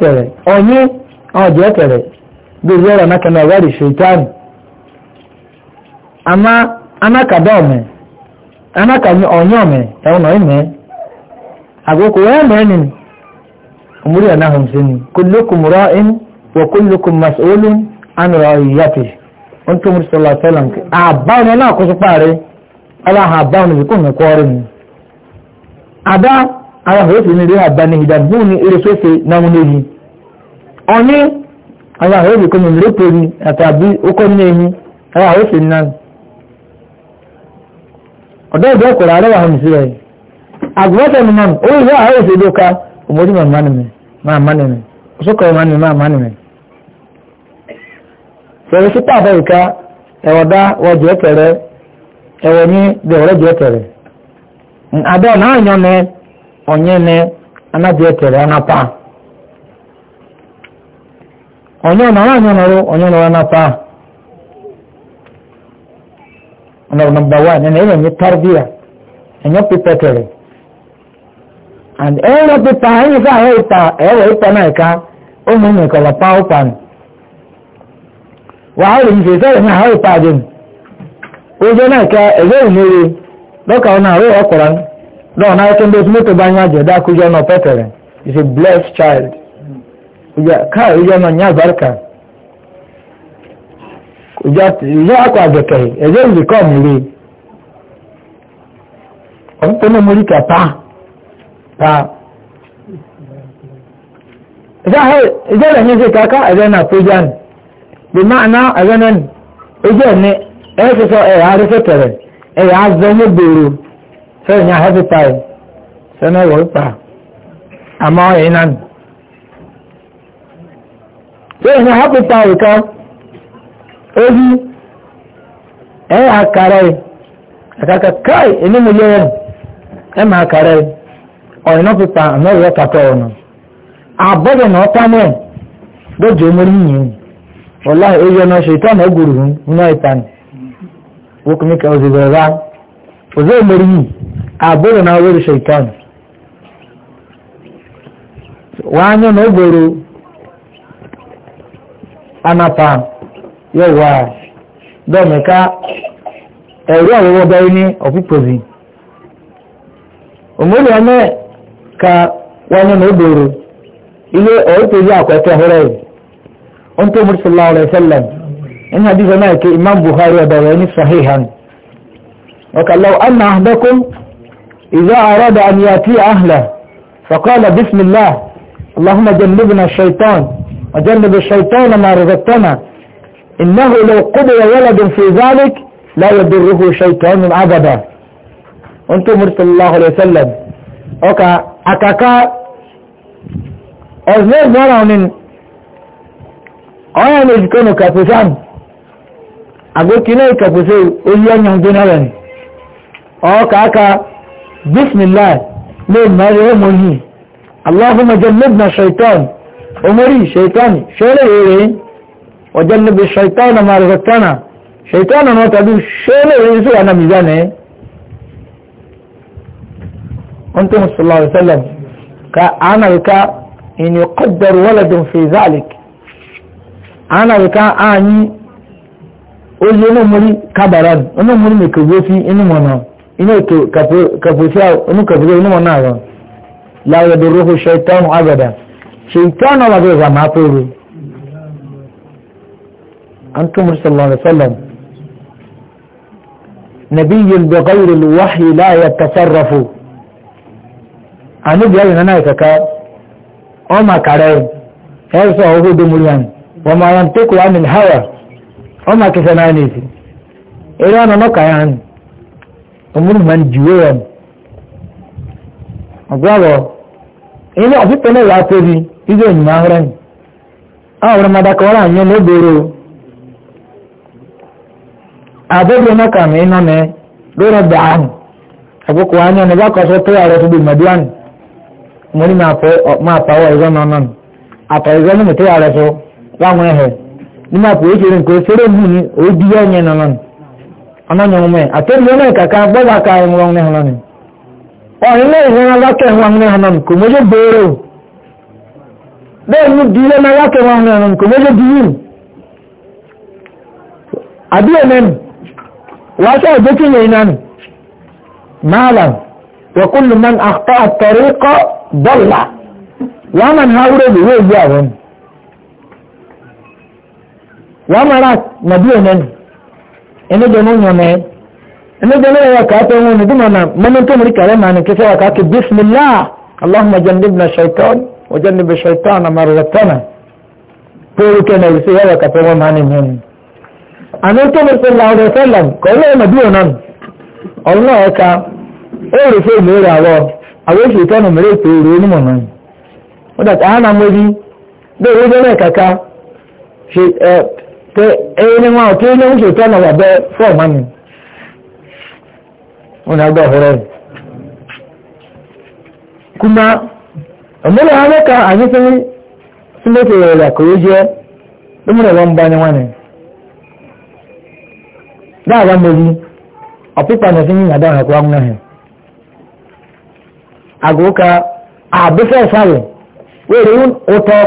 Speaker 1: onye ọ̀yí ọ̀jẹ́ tẹ̀rẹ̀ gbogbo ẹ̀rọ nákanà ẹ̀wàrí ṣètánì àmá anákàdá ọ̀mẹ̀ anákàdá ome ọ̀mẹ̀ ẹ̀wọ̀n ọ̀yí mẹ́ àgókò ẹ̀mẹ́ nìyí umuri ana hamsini kullukum ra'in wa kullukum mas'ulun an ra'iyati on to sallallahu a ba na na ko so pare ala ha ba ni ko na ko rin ada ala ho ti ni re abani hidabuni ire so na mu oni ala ho ni ko ni pe oh, ni atabi o ko ni ni ala ho se na odo do ko ni man o se umuri man máa má nìyẹn òṣùkọ̀ ìmọ̀ nìyẹn máa má nìyẹn. fèrè sí pàbọ̀ ìka ẹ̀wọ̀dá wọ́jọ́ tẹ̀rẹ̀ ẹ̀wọ̀ ní bẹ̀rẹ̀ jẹ́ tẹ̀rẹ̀ àbẹ̀ náà yàn ní ọ̀nyẹ́ ní anájẹ́ tẹ̀rẹ̀ anápa ọ̀nyẹ́ náà yàn ní ọ̀nyẹ́ ní anápa ọ̀nà nàbàwà ni ẹ̀yẹ̀ ní tàrbíà ẹ̀yẹ́ pípẹ́ and ẹ̀rọ pípa ẹ̀yìn fún àwọn ìta ẹ̀rọ ìta náà ká ó mú mi kọ̀lọ̀ pa ó pa nù. wàá rìn jù sẹ́yìn ní àwọn ìta àdìm ojú náà ká ẹ̀rọ ìmúre lọ́kà ọ̀nà na is a blessed child Ka ụjọ na nya àbáríkà ìjọ akọ àgẹ̀kẹ̀ ẹ̀rọ ìbìkọ́ mi rí ọ̀pọ̀ náà ta ìjọ́rẹ̀ ní ṣe kàkà ẹ̀rẹ́nà tó já ní bí máa ná ẹ̀rẹ́nà ní ìjọ́ ní ẹ̀ẹ́sọ́sọ́ ẹ̀yà arẹ́fẹ́tẹ̀rẹ̀ ẹ̀yà azọ́mú gbèrò sẹ́yìn ahẹ́fẹ́tàì sẹ́nà wọ́pà àmọ́ ẹ̀yìn náà nì sẹ́yìn ahẹ́fẹ́tàì ká ojú ẹ̀yà kàrẹ́ ẹ̀kàkà káì ẹ̀nìmọ̀ yẹ́rẹ́ ẹ̀ máa kàrẹ́ ọ̀yìn náà fi pa ọ̀nà àbọ̀dẹ̀ náà tánú ẹ̀ lójú omori yìnyín ọ̀la èyí ọ̀nà ṣètò ọ̀nà ògùrù nínú ìtàn wọ́kùnrin kan òsì bẹ̀rẹ̀ bá òsì omori yìí àbọ̀dẹ̀ náà ṣètò ọ̀nà wọ́n á anapa yóò wá bẹ́ẹ̀ ẹ̀rọ àwọwọ́ bẹ́ẹ̀ ní òmùlẹ̀ ọ̀nà ẹ̀. ka wani na doro ile a wato yi akwai ta ẹ̀ ohun to mursu Allah alaihi sallam ní hadisa náà kí imam buhari da wani sahihan wa kallau anna ahdakum idza arada an yati ahla fa qala bismillah اللهم جنبنا الشيطان وجنب الشيطان ما رزقتنا إنه لو قضي ولد في ذلك لا akaka ẹ̀fẹ́ ìgbọ́ra ọ̀nìn ọ̀yà ní ìdíkọ́nù kàpùsán àgbókínlẹ̀ kàpùsẹ̀ oyí ẹ̀yàn gbónára ni ọ̀ọ́kàáka bismillah ní ìmọ̀rẹ̀ ọmọlì allahumma jannibna shaitan omori oh, shaitan ṣẹlẹ̀ rere eh, eh. ọjọ́ níbi shaitan ma rẹ̀ tánà shaitan náà tàbí ṣẹlẹ̀ rere sí àná mìíràn أنتم صلى الله عليه وسلم كأنك إن يقدر ولد في ذلك عملك أني أقول له مري أنا مري مكبوسي إنه ما نام إنه كبوسيا إنه كبوسيا إنه ما لا يدروه الشيطان أبدا شيطان الله بيغا ما تقولي أنتم رسول الله صلى الله عليه وسلم نبي بغير الوحي لا يتصرفوا anibi ayi nana kaka ọma kare ẹsọ ọhụrụ domurian wọn ma yan teku amin hawa ọma kisa na anyị esi ere ọnọ nọ kaya anyị ọmụrụ ma jiwe ya ọgwọrọ ilé ọfífẹ́ náà wà tóbi ibi ònyìnbó ahọ́rẹ́ ni ọ̀rọ̀ madakọ̀ọ́rọ̀ àyẹ́ lóboro àbẹ́bí ọmọkàmí iná mẹ́ lórí ọgbà ahù àkókò anyẹ́ ní bá kọ́ sọ tó ààrẹ tó bí mẹ́dúwánì mo ní máa pàwọ́ ìrọ́ náà náà àtọ̀ ìrọ́ ní mìtí ààrẹ sọ láwọn ẹ̀hẹ̀ ní máa pòwé ṣe nǹkan ṣeré bù ní òbí ẹ̀yẹ náà náà ọ̀nàyàn ọmọ ẹ̀ àtẹ́lẹ̀ ọmọ ìkàkà bọ́lá ka ẹ̀wọ̀n ọ̀hún náà náà ọ̀rìn náà ìrìn alákẹ́ ẹ̀wọ̀n náà náà kò mọ́jọ́ gbòòrò bẹ́ẹ̀ ni dìílẹ̀ náà dọ́là wọ́n máa ní awúrò ìwé ìwé àwọn ni wọ́n máa rà nàbí ònẹ́nu ẹni dẹ̀ mú yàn mẹ́ ẹni dẹ̀ mú yàn kà á tẹ́ wọn ní dùmọ̀ náà mọ́mí tó mìíràn kàrẹ́ màá ní kí sẹ́wà kà á kí bísímìlá aláhùnmá jẹ́ndébìnà ṣàìtọ́n wọ́jẹ́ndébì ṣàìtọ́n àmàrẹ̀tọ́nà pẹ̀lú kẹ́nà ìṣe yàrá kà tẹ́ wọn màá ní mẹ́rin àmì tó mìíràn sẹ́lá ọ̀rẹ́ sẹ́lá kọ́ àwọn e ìtọ́nù mẹ́rẹ̀ ìpè èrò onímọ̀ náà ni wọ́n dàtà hánà mọ́rí bí owó bẹ́rẹ̀ kàkà ṣe ẹ pé ẹyẹ ní wọn tó ní oṣù ìtọ́nù wà bẹ́ fọ́ọ̀mù mi wọn náà gbọ́ rẹ̀ kuma ọmọlẹ̀ amẹ́ka àyẹ́fẹ́ sílẹ̀tì rẹ̀ rẹ̀ kòó jẹ́ lómìnira wọn bá ní wọn ni dáàbà mọ́rí ọ̀pípa sí ní àdáhùn ẹ̀kọ́ agoka abisa sare were un oto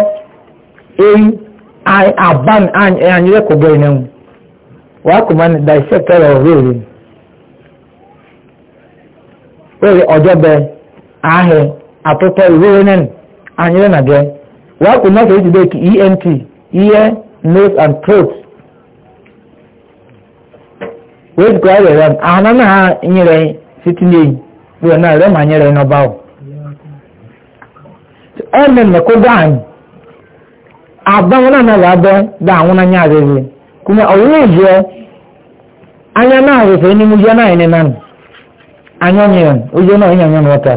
Speaker 1: eyi aban anyere ko gbe inu wa kuma ni dissector of wele were ojobe ahe atoto iwere nen anyere na ge wa kuma so ejide ki ent ear nose and throat wee jikwa ya were ahụ na ha nyere site n'eyi bí na ẹ̀rọ màá nyẹrẹ iná báwò. ẹ̀mẹ̀ mẹ́kọ́ dáhùn àbáwọn náà náà bẹ dá àwọn náà anya náà àrẹ̀fẹ̀ ní mújọ náà ẹni náà anya nyẹrẹ ojú náà onye nyẹrẹ wọ́tà.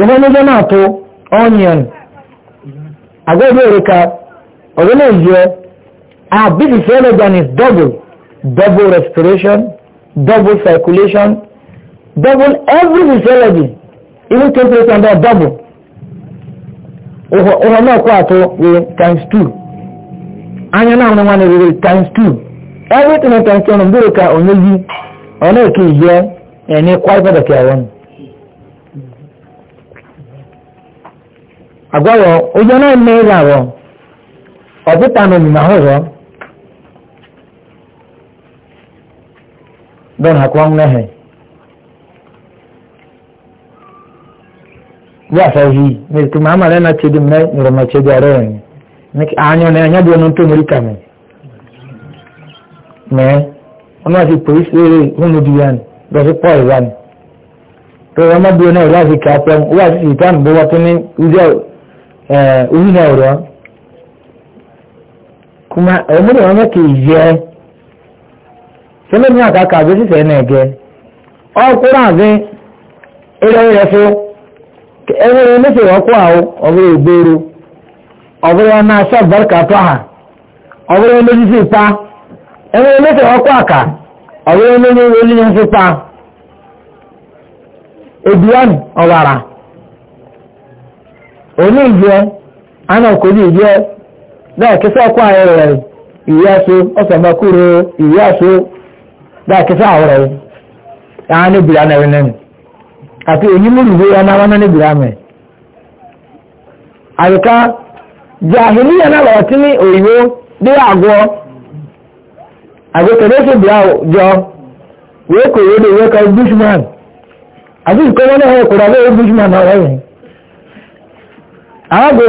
Speaker 1: ìfẹ́ níjọ náà tó na àgọ́ ìbí òrìkà ọ̀rẹ́ náà na our business na is double double respiration double circulation, double every physiology, even temperature under double. Ụhọ náà kọ́ àtọ́ wẹ̀ times two. Anya náà wọn wọ́n wẹ̀ times two. Everything in times two ọ̀nà mbẹ́rẹ̀ ka onye ọ na-eke yìí ọ̀nà èké yẹ ẹni kwai padà kí àwọn. Àgbáyọ̀ ojú náà mẹ́rin àwọ̀ ọ̀pítà nà òmìnira hó rọ̀. don hakuwan nahe ya sahi mai kuma amara na ce din mai rumace da rayan ne a hanyar na yanya da wani to muri kame ne wani wasu polis ɗere hunu biyan da su kwa iran to yamma biyu na ila su kafin uwa su ita mbu wata ne uzi na ura kuma a yi mura wani ke je tolóòtú náà kàkà àjọ sísè ẹ̀ náà na ọkùnrin àbí ẹlẹ́rẹ́ fún ẹwúrẹ́ oníṣẹ́ ọkọ̀ àwọ̀ ọ̀bẹ̀rẹ̀ ìgboro ọ̀bẹ̀rẹ̀ ọ̀nà aṣọ tó hà ọ̀bẹ̀rẹ̀ oníṣẹ́ ìpa ẹwúrẹ́ oníṣẹ́ ọkọ̀ àkà ọ̀wàrà òní àná kò ní bẹ́ẹ̀ kí ìyá so ọ̀sán da ke ya na wani ya na wani na lati ni oyibo dị agwọ agwọ jọ wee koro da wee ka bushman àti ìkọ́wọ́ náà ẹ̀kùrà lórí bushman ọ̀rẹ́ yìí àwọn lórí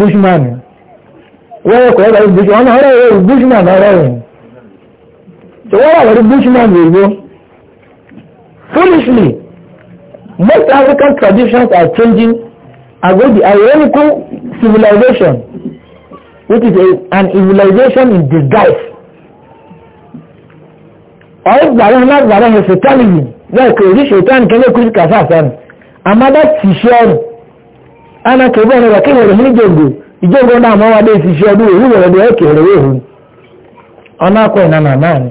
Speaker 1: bushman wọ́n lórí bushman ọ̀rẹ́ yìí So what are the bushman will do? Foolishly, most African traditions are changing ago the ironical civilization, which is a, an civilization in disguise. Ọ̀rọ̀ gbàrán lágbàrán ẹ̀ ṣètánìyì náà kò rí ṣètánì kẹ́lẹ́ kúrú kàfà sánì. Àmádá ti ṣe ọ̀rọ̀. Ana kẹ̀bọ́ ọ̀rọ̀ wà kéwọ̀n ní ìjọ̀gbò. Ìjọ̀gbò náà mọ́ ti ṣe ọdún òwúrọ̀ rẹ̀ ẹ̀kẹ̀ wéhùn. Ọ̀nà akọ̀ ìnànà náà ni.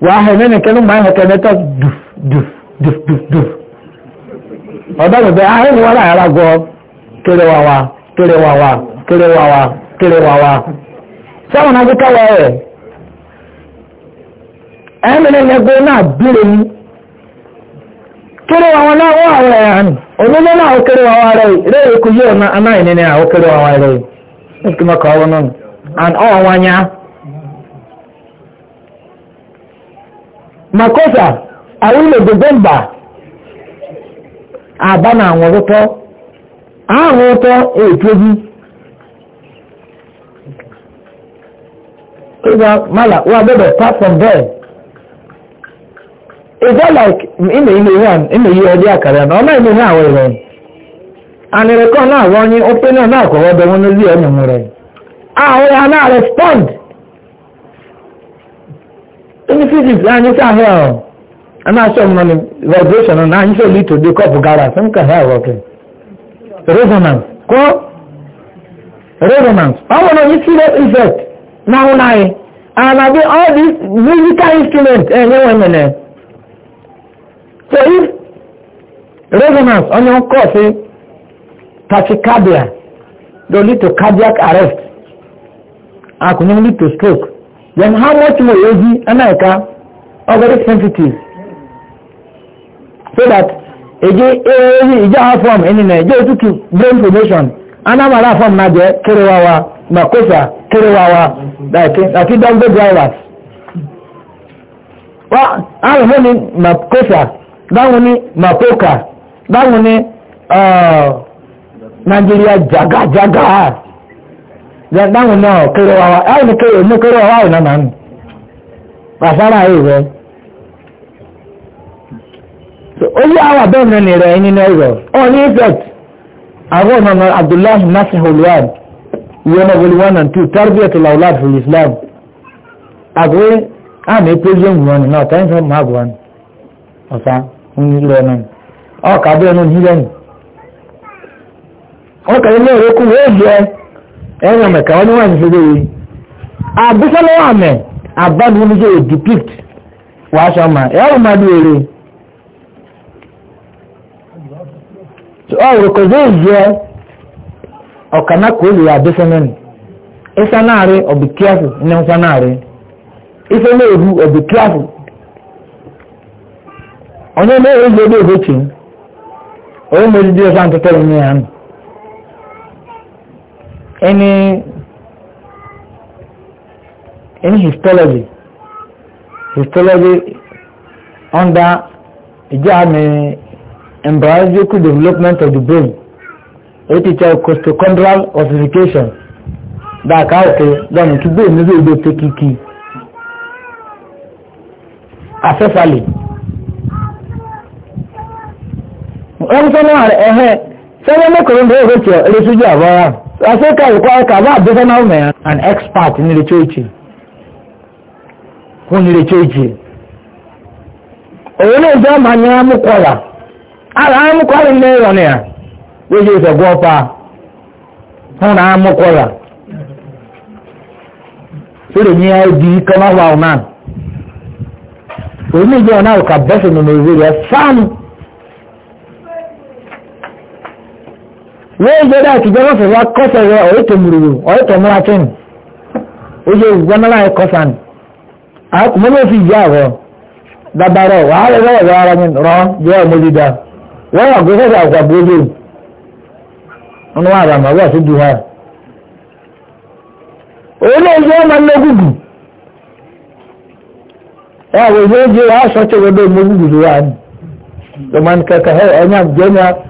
Speaker 1: wàhẹ̀ nínú kẹlú máa ń hẹ̀kẹ́ mẹ́tọ́ dùfdùfdùf ọ̀dọ́gbẹ̀bẹ̀ ahẹ́ ni náà kíkọ́ na ẹ̀ ẹ̀yìn náà bírè yín kéré wàwà náà náà ó kéré rẹ̀ rẹ̀ náà makosa awile dezemba aba na anwụrụ ụtọ ahụ ụtọ etobi ịga mala wa bebe start from there is that like ime ime ihe ime ihe ọdị akara na ọma ime ihe awụ ire anịrịkọ na-agwa onye ofe na na-akọwa ọdọ nwe onye nwere ahụ ya na-respond ní physics náà ní sáà hẹ́ẹ̀ ọ̀ ẹ máa ṣọ́ mọ́ni vibration náà ní sọ́ọ̀lì tó dé kọ́ọ̀pù gara tó ń kà hẹ́ẹ̀ resonance kó resonance ọmọ náà ní serious effect náà wọn náà yẹ and abi all these musical instruments ẹ̀ ní wọ́n mẹ́lẹ̀ so if resonance ọ̀nà ń kọ́ sí tachycardia dey little cardiac arrest and can lead to stroke. then how much more eji anaghịkwa ọ very sensitive so that eji eji ije ha fọm ịnị na eji otutu brain formation anamara fọm na je kerewawa na kosa kerewawa like dongo drivers wa ahụhụ ni ma kosa dáhùn ni mapoka dáhùn uh, nigeria jaga jaga gbàgbáwọn náà kéré wa wa ẹni kéré mú kéré wa wa ò náà yìí rẹ ó yí àwọn abẹ́ẹ̀mí ni rẹ nínú ẹ̀rọ ọ ní effect àwọn ọ̀nà abdullahi nasir olùwàd ìyẹn náà and two to laulad for islam àgbé àmì prison wọn náà náà ọkà ẹ̀rọ mẹ̀ka wọ́n ní wọ́n àyìnfẹ́ lóye àbúsọ́lọ́wọ́ àmẹ́ àbádùn ní yóò wàá sọ ẹ̀rọ máa dùn èrè ọ̀rọ̀ kò dé ìyẹ ọ̀kànnà kò lè àbẹ́sọ́nẹ́nu ìsanáàrí ọ̀bì kíáfù ní ìsanáàrí ìsanáàrí ọ̀bì kíáfù ọ̀nà onye ìwé ìgbẹ́ ìgbẹ́ ìgbẹ́ onye ìgbẹ́ ìgbẹ́ ìgbẹ́ ìgbẹ́ ìgbẹ́ ìgbẹ́ any any histology histology under ijami embryological development of the brain ethical costochondral ossification dáàkà òkè lọ́nà tí brain ní ìgbé tó kìkì acceptally wọ́n sọ náà ẹ̀hẹ́ sẹ́wọ́n mẹ́kọ̀ọ́ ń bẹ̀rẹ̀ ìrètí ọ̀rẹ́sójú àbọ̀ràn Africa require ka ba abdominal man an expert in the church. Wọ́n ní lẹ́tọ́ ìjì. Òun náà jẹ́ ọmọ ní amúkọ̀lá. Ara amúkọ̀lá ní ẹ̀rọ ni à. Wéjì ìṣẹ̀gbọ́ ọ̀pá. Wọ́n náà amúkọ̀lá. Sọ́dọ̀ ní ẹbí kọ́mọ́wá ọ̀nà. Òun ní ìjọ náà kà bẹ́sẹ̀ nínú ìrírí ẹ̀ fáàmù. wọ́n yẹ kí jẹ́wọ́ fẹ́ wá kọ́sẹ̀ rẹ tó múrùrù ọ̀rẹ́ tó múra tí nù ó yẹ ìgbọ́n náà fi ìyá rọ dabarọ̀ wàá rẹ lọ́wọ́ rẹ ara mi rọ jẹ́ ọmọ dídá wọ́n yà gbé fẹ́fẹ́ àgbà gbójú ọ̀nà wà ràmà wà sí duha yẹ ọmọ àwọn wàá wọ́n lọ́wọ́ àná lọ́mọ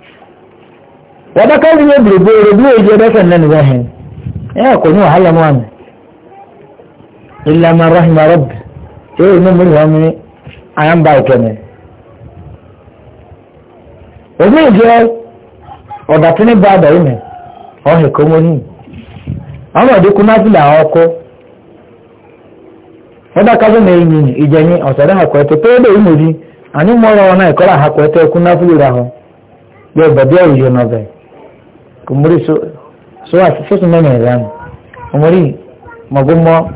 Speaker 1: wadaka wuli ebiri boore bi oye dɛsɛ nani wahi ɛyɛ wahala mu wani rahima rabbi ɛyɛ ne mu wa mi ayan ha kɛnɛ omi jɛ ɔdatini ba da ime ɔhe kɔmɔ ni ɔmɔ de kuma fila ɔkɔ ijenye bi na enyi ha kwete pɛrɛ de imodi anyị mɔrɔ wɔn na ɛkɔla ha kɔɛtɛ kuna fili ra kumuri so so a su mene ran kumuri magummo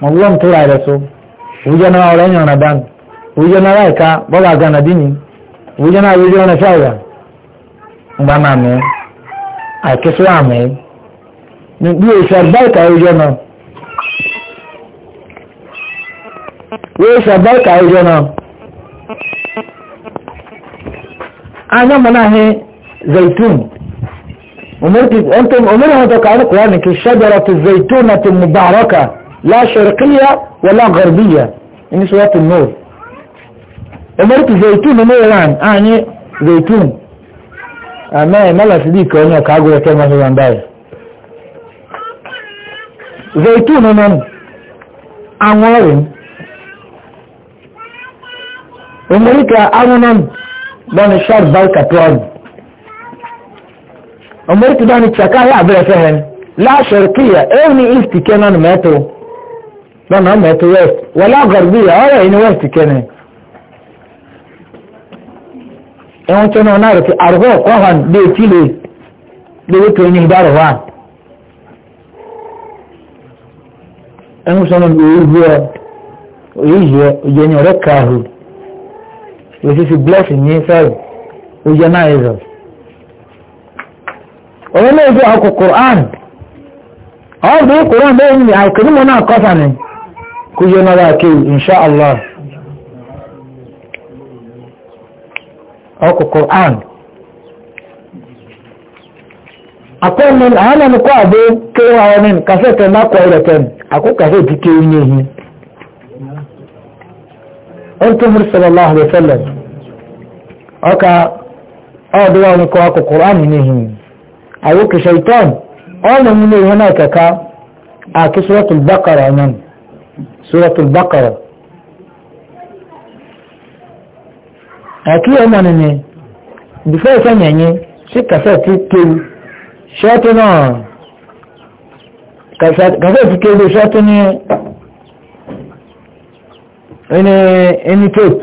Speaker 1: magummo tura da so wuja wa na dan wuja na ka ga na dini wuja na na shaura ngba ma me a ke me ka anya mana he zaitun أمرت أنتم أمرها تقعلق وانك الشجرة الزيتونة المباركة لا شرقية ولا غربية إن يعني سورة النور أمرت زيتون ميران أعني زيتون أما ملا صديق أنه كأقول كما هو عندها زيتون من أمورين أمريكا أمنا بان الشار بالكتوان تواني ọmọdé tó dáni tsaka yà abẹ́rẹ́ fẹ́hẹ́n láṣẹrù kíyà ẹ̀rù ní east kẹ́nà ní mẹ́tò lọ́nà mẹ́tò west wọlé àgọ̀rùbí yà ọ̀rẹ́ yìí ní west kẹ́nà ẹ̀wọ̀n tó náà náà rẹ̀ fi àrùbọ̀ kọ́hàn bí etí lè lówó tó ní ìdárò wá ẹ̀wọ̀n sọ́nà òyìnbó ẹ̀ òyìnbó ẹ̀ òyìnbó ọ̀rẹ́ kàhù òṣìṣì òyìnbó onye na-eji ọkụ ọ bụ koran bẹ́ẹ̀ ni àìkiri mọ́ náà insha allah ọkụ koran akọ́ni àwọn ẹni kọ́ àbó na ọmọ ní kàfẹ́tẹ̀ lákọ̀ ẹ̀rẹ̀tẹ̀ àkó kàfẹ́tì kéwà ní ehi ó tún mú sọlọ́lá àbẹ̀fẹ́lẹ̀ n'ihi ayyuka shaitan wannan ne yana kaka a ki suratul baqara nan suratul baqara a ki yana ne bifo sanya ne shi kasa titiri shaitan kasa titiri shaitan ne ẹni tape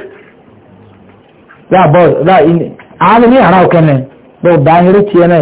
Speaker 1: ya bọ́ọ̀lù ààrẹ ní àrá ọkẹ́ ní bọ́ọ̀ bá ń rí tiẹ̀ náà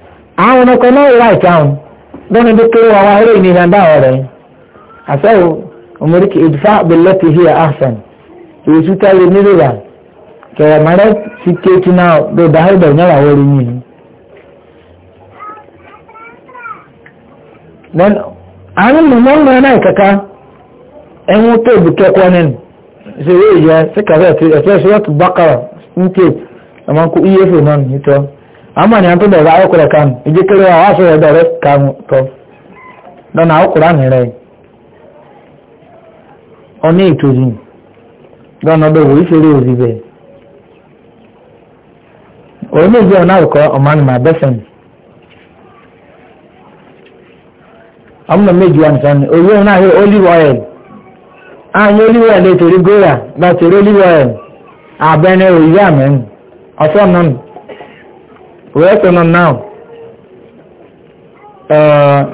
Speaker 1: àwọn ọkọ̀ náà wà ìtàwọn lọ́nà bí kéré wọn wá eré ìnira dá ọ̀rẹ́ àṣẹ́wò ọmọdékè ìdífà bẹ̀lẹ́ ti hí àṣàn èsù tẹ́lẹ̀ nílùú kẹ̀rẹ̀ mẹ́rẹ́ sí kéétì náà ló dá ẹ̀dọ̀ náírà wọlé yìí. àwọn mọ̀mọ́ ń lọ náà kẹ̀kẹ́ ẹ̀wọ̀n tó ìbùkẹ́kọ́ nínú ṣe wéyìí ẹ̀ ẹ̀fẹ́ ṣe wọ́n ti bákàrà ní iye fò náà nìtọ́. amma ni an to dọ̀rọ̀ ayọ́kùnrin kan iji kéré wa shi rẹ̀ dọ̀rẹ́ kan tọ́ lọ́nà ayọ́kùnrin àmì rẹ̀ ọ̀ní ìtòjì lọ́nà ọdọ̀ wòye ṣeré o bẹ́ẹ̀ òun ní ìjẹ́ ọ̀nà àwòkọ́ ọ̀mánì máa bẹ́sẹ̀n ọmọ méjì wà nìkan ni òye òun náà wee sị nọ now uh,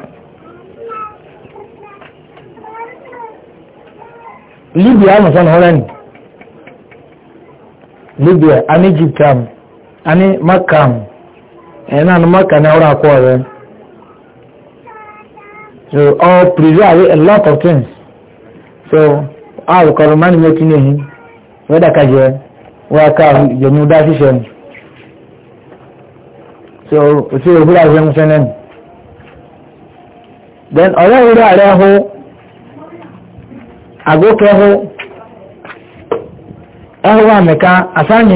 Speaker 1: libya amụsọ na ọrịa libya an egypt am an maka am ẹ̀nà an maka na ọrịa akwọ ọrịa so ọ preserve a lot of things so a rụkọrọ mmanụ metin ehi wee dakaje wee aka ahụ jenu daa ṣiṣẹ́ so òsì òwúrọ̀ àti ẹmu sẹ́nẹ̀ nù. then ọ̀rẹ́ ìrọ̀ ààrẹ hó àgókè hó ẹ̀hó àmìká àsáyìn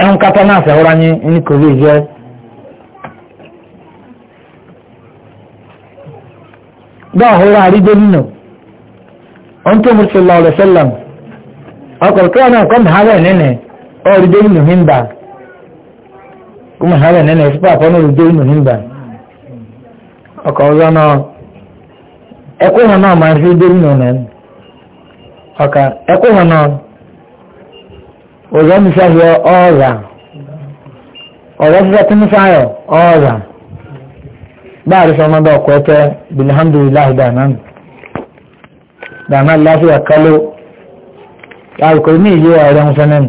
Speaker 1: ẹ̀hún kátà náà sẹ̀hóra yín ní kòlí ìjẹ́. bẹ́ẹ̀ ọ̀hóra àrídé nínú ọ̀n tó mùsùlùmí ọ̀rẹ́ sẹ́lẹ̀m ọkọ̀ kí wọn náà kọ́ mi hárẹ̀ nínú ọ̀rídé nínú hìmbà. kuma hare nene esipa wani rujo inu ọzọ na ẹkọ hàn náà fi dé nínú nẹ ọkà ẹkọ hàn náà ọzọ nísàfẹ ọzọ sísẹ tí nísàyọ ọọrà báàrí ọkọ ẹtẹ ní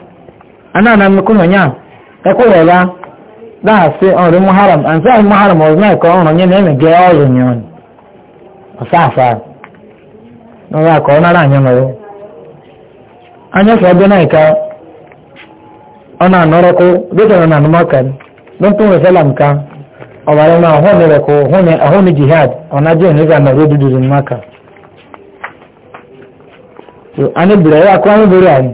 Speaker 1: ana na mmekọ nyonya ekwe ya daasị ọrụ muharam ansa anyị muharam ọrụ na ka ọrụ onye na-eme gị ọrụ nyon ọsa afa n'ụlọ akọ ọnara anya nọrọ anya sọ ebe na ka ọ na-anọrọkụ dịka na anụmọka n'otu nwere salam ka ọbara na ọhụụ na-erekụ ọhụụ na jihad ọ na-ajụ onye ga nọrọ odudu maka anyị biri ya akụ anyị biri anyị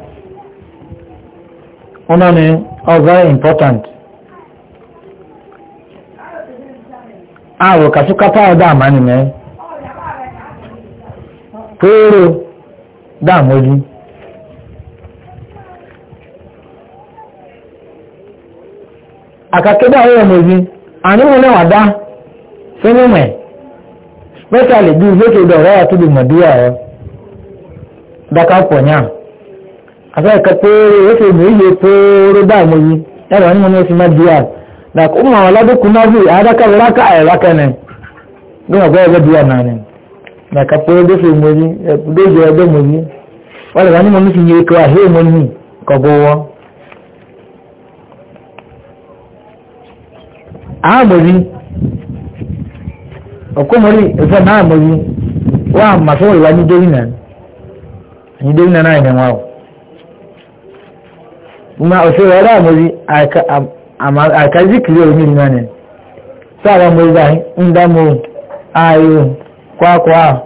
Speaker 1: ọ̀nà ni ọ very important àwọ̀ kàtúkátà ọ̀dá àmàni daa pẹ́ẹ́rọ dáàmójú àkàkédà ọ̀rọ̀ mọ̀jú àníwọ̀n náà dá sínú mẹ́ mẹ́ta lè bí ilé kéde ọ̀rọ̀ àti ìdìmọ̀dúwà daka dákàpọ̀ nyaa. afẹ́ẹ̀kọ́ péré oṣù méje péré dáàmú yìí ẹ̀rọ ní wọn oṣù mẹ́díà dàkú mọ̀ ọ̀làdúkùn náà bí adákàwé rákà ẹ̀rákà ni lóun ọ̀gbẹ́ ẹgbẹ́ díà náà ni dàkà péré dóṣù mọ́yí na ẹgbẹ́ mọ́yí wọ́n lè wá ní wọn oṣù yìí kọ́ àhé mọ́yí kọ̀gbọ́ wọn. àmọ́yí ọ̀kọ́mọ́rí ẹ̀fọ́ náà mọ́yí wọ́n àmàṣọ́wọ̀ ìwà ní náà ní náà náà ma o se wala muri aka zikiri omi nina ne sara muri da nda ayo kwakwa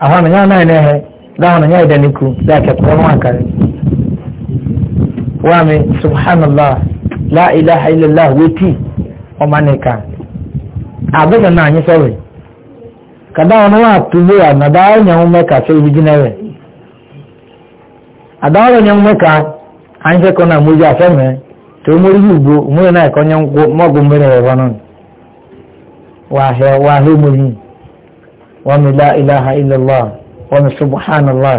Speaker 1: a hana ya na ne he da ya da niku da ta kuma maka wa mi subhanallah la ilaha illallah weti o maneka abega na anyi sawe kada wani wa tubo ya na da ya nyawu meka sai hijinawe adawa nyawu meka an se kona muji afeme to muri yugo mu na ko nyam go mogo mere wa banon wa he wa he muri wa mi la ilaha illa allah wa mi subhanallah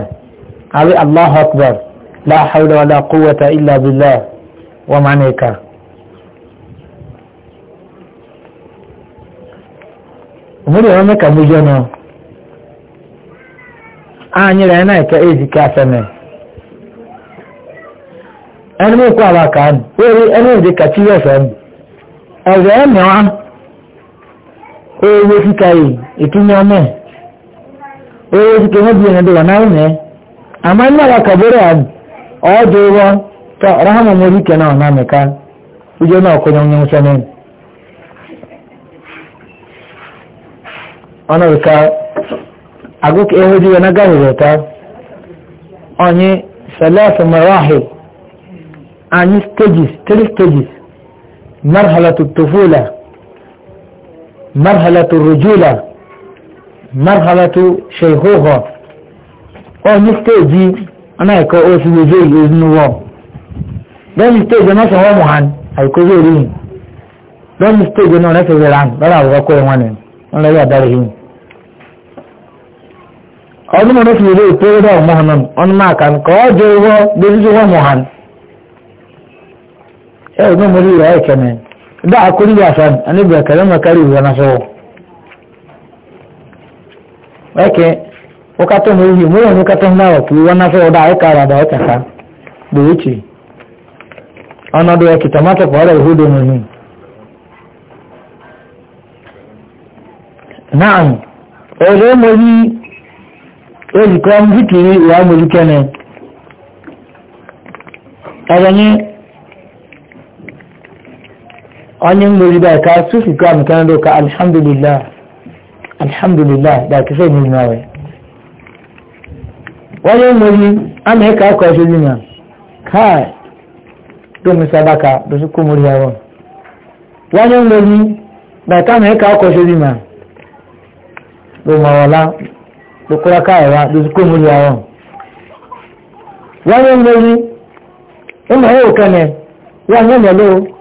Speaker 1: ali allah akbar la hawla wala quwwata illa billah wa manika muri wa meka muji no anyira na ka ezika afeme ẹni mú kó àwọn àkàánù wérí ẹni òde kàtí yẹ sọ ẹ̀rẹ̀ ẹ̀mẹ̀wá owó síta yìí ìtúnyẹ ọmọ owó síta wọn bí ẹni dọ̀wọ̀ náà mẹ́ àmọ́ ní àwọn àkàbọ̀rẹ̀ àmì ọ̀ọ́dọ̀ wọn tọ ọ̀rọ̀hámọ̀ mọ́ oríkẹ́ náà náà mẹ́ka ìjọ náà kọ́ sọ́nẹ́ ọ̀nà عن stages three stages مرحلة الطفولة مرحلة الرجولة مرحلة شيخوخة أو stage أنا أكو أوسي وزي إذن الله لأن stage أنا سوى محن أي كزورين لأن stage أنا نفسي زرعان بلا أغاكو يوانين أنا لا دارهين ọdún mọ̀lẹ́sì ilé ìpéré dá ọmọ ọ̀nà ọ̀nà máa kàn kọ́ jẹ́ ìwọ́ gbèsè ìwọ́ eh no muri ya yake ne da akuri ya san ani ba kare makari wa na so wake ukato muri mu ne ukato na wa ki wa na so da ai kara da wata ka da ana da yake tamata ko da hudu ne na'am ọ̀rẹ́ mo ní olùkọ́ ń bí kiri ìwà onye mmiri da ka sufi ka mukan do ka alhamdulillah alhamdulillah da ka sai ni nawe onye mmiri ana ka ko shi ni ma kai do mi sabaka do su ko muri yawo onye mmiri da ka na ka ko shi ni ma do mawala do kura ka yawa do su ko muri yawo onye mmiri ina e yau e kane wa nyanya lo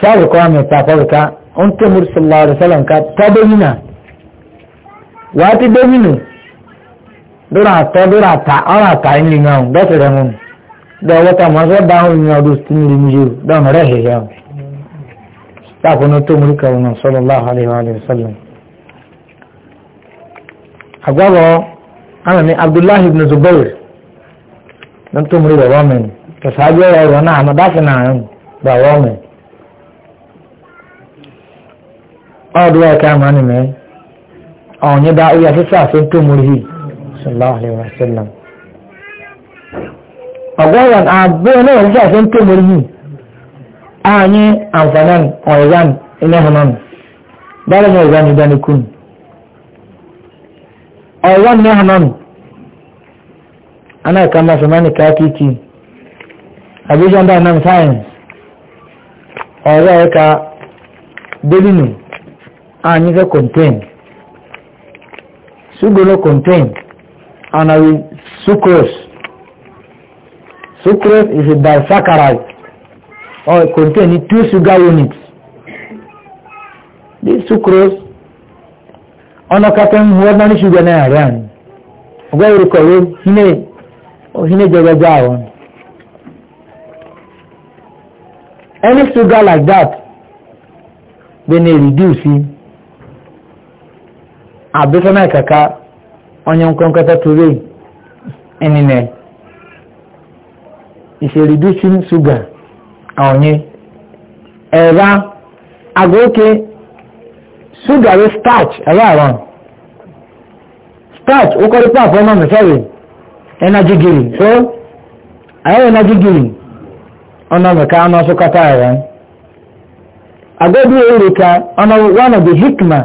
Speaker 1: shafi kuma mai safar ka on ta mur sallallahu alaihi wasallam ka ta domina wati domino dora ta dora ta ara ta yin lingan da su ramun da wata masu da hun yin adu sun yi mijo da mara he ya ta kuma ta mur wannan sallallahu alaihi wa sallam agwagwo ana ne abdullahi ibn zubair dan to mur da wamen ta sabiya ya wannan amma da ba wamen ọdún ẹ̀ka àmàlù mẹ́ ọ̀hún yẹn bá ó yà sísá àti tó múlò yìí sallallahu alayhi wa sallam. ọgọ́rùn àbúrò náà sísá àti tó múlò yìí ààyè àǹfààní ọ̀ẹ̀yàn ẹlẹ́hùn náà bẹ́ẹ̀ ni ọ̀ẹ̀yàn ìdánikùn ọ̀ẹ̀yàn ẹlẹ́hùn náà ana kama samani kakiki abin da nan science ọ̀rẹ́ ẹ̀ka délì nìí anyị ah, ga contain sugolo contain anawi sucrose sucrose is a disaccharide or oh, contain two sugar units this sucrose ọnọkata mhu ordinary sugar na yàrá ni ọgbà ìrìkọ̀wé hine oh, hine jẹgẹjẹ àwọn any sugar like that they may reduce it. abịta na kaka onye nkwenkata tụrụ enine ise suga sugar onye ẹ̀rá agókè sugar wey starch ẹ̀rá àrùn starch ó kọ́rí pàpọ̀ ọmọ mi sọ́rọ̀ energy giri so ẹ̀rọ energy giri ọ̀nà mẹ̀ka ọ̀nà ọ̀sọ́kátà ẹ̀rọ agókè èrè ka ọ̀nà one of the hikmah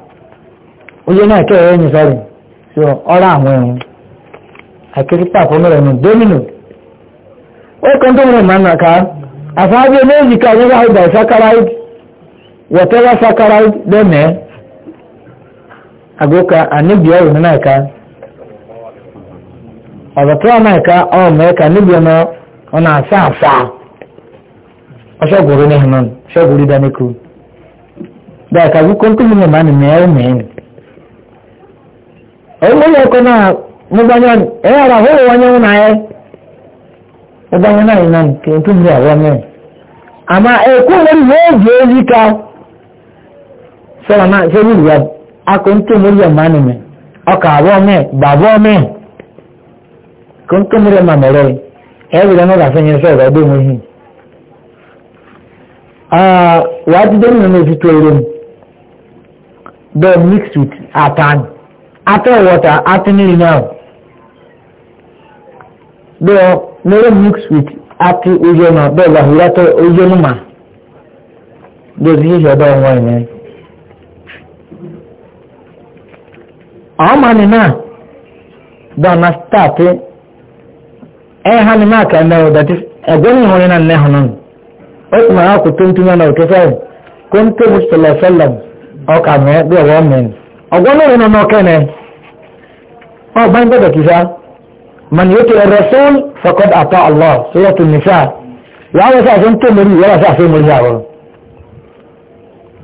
Speaker 1: oye náà kẹ́ ẹ̀rọ ẹ̀yìn sáré so ọ̀rọ̀ àwọn ẹ̀hún àkiri pàpọ̀ mẹ́rẹ̀ ní domino ó kàn tó mẹ́rẹ̀ máa ń nàka àfáàbí eléyìí ká yẹ́rọ àìdá sakaride whatever sakaride lẹ́mẹ̀ẹ́ àgókà na ọ̀rọ̀ náà ká ọ̀rọ̀ tó náà ká ọ̀mọ̀ na níbi ẹ̀yìn lè kọ́ náà nígbà yẹn ẹ̀ yàrá hóòrò wọn yẹn náà ẹ̀ nígbà yẹn náà yìí náà kì í tún bí àwọn mẹ́rin àmà ẹ̀kú lórí yóò jẹ́ orí ká sọ̀rọ̀ náà ṣé ìyá akọ̀ǹtò ọ̀mà ni mẹ́ ọkà àbọ̀ mẹ́ bàbọ̀ mẹ́ kọ̀ǹtò lórí ọ̀mà mẹ́rẹ́ ẹ̀rù lọ́nà ọ̀dàfẹ́ yẹn sọ̀rọ̀ ọdún mi yìí. wàá ti dé nínú oṣù tó eré mixed with àtàn. after water after now though no mix with after ujono though wahulato ujonuma is your don wine eh ọmọ ni náà dọ̀nà stáàtì ẹ ha ni náà kẹ́ndà ọ̀ dàtí ẹgbẹ́ ni wọ́n yẹn náà nẹ́hùn náà ó sì أو بين بدك إذا من يطع الرسول فقد أطاع الله سورة النساء وعلى أساس أنت مري ولا أساس مري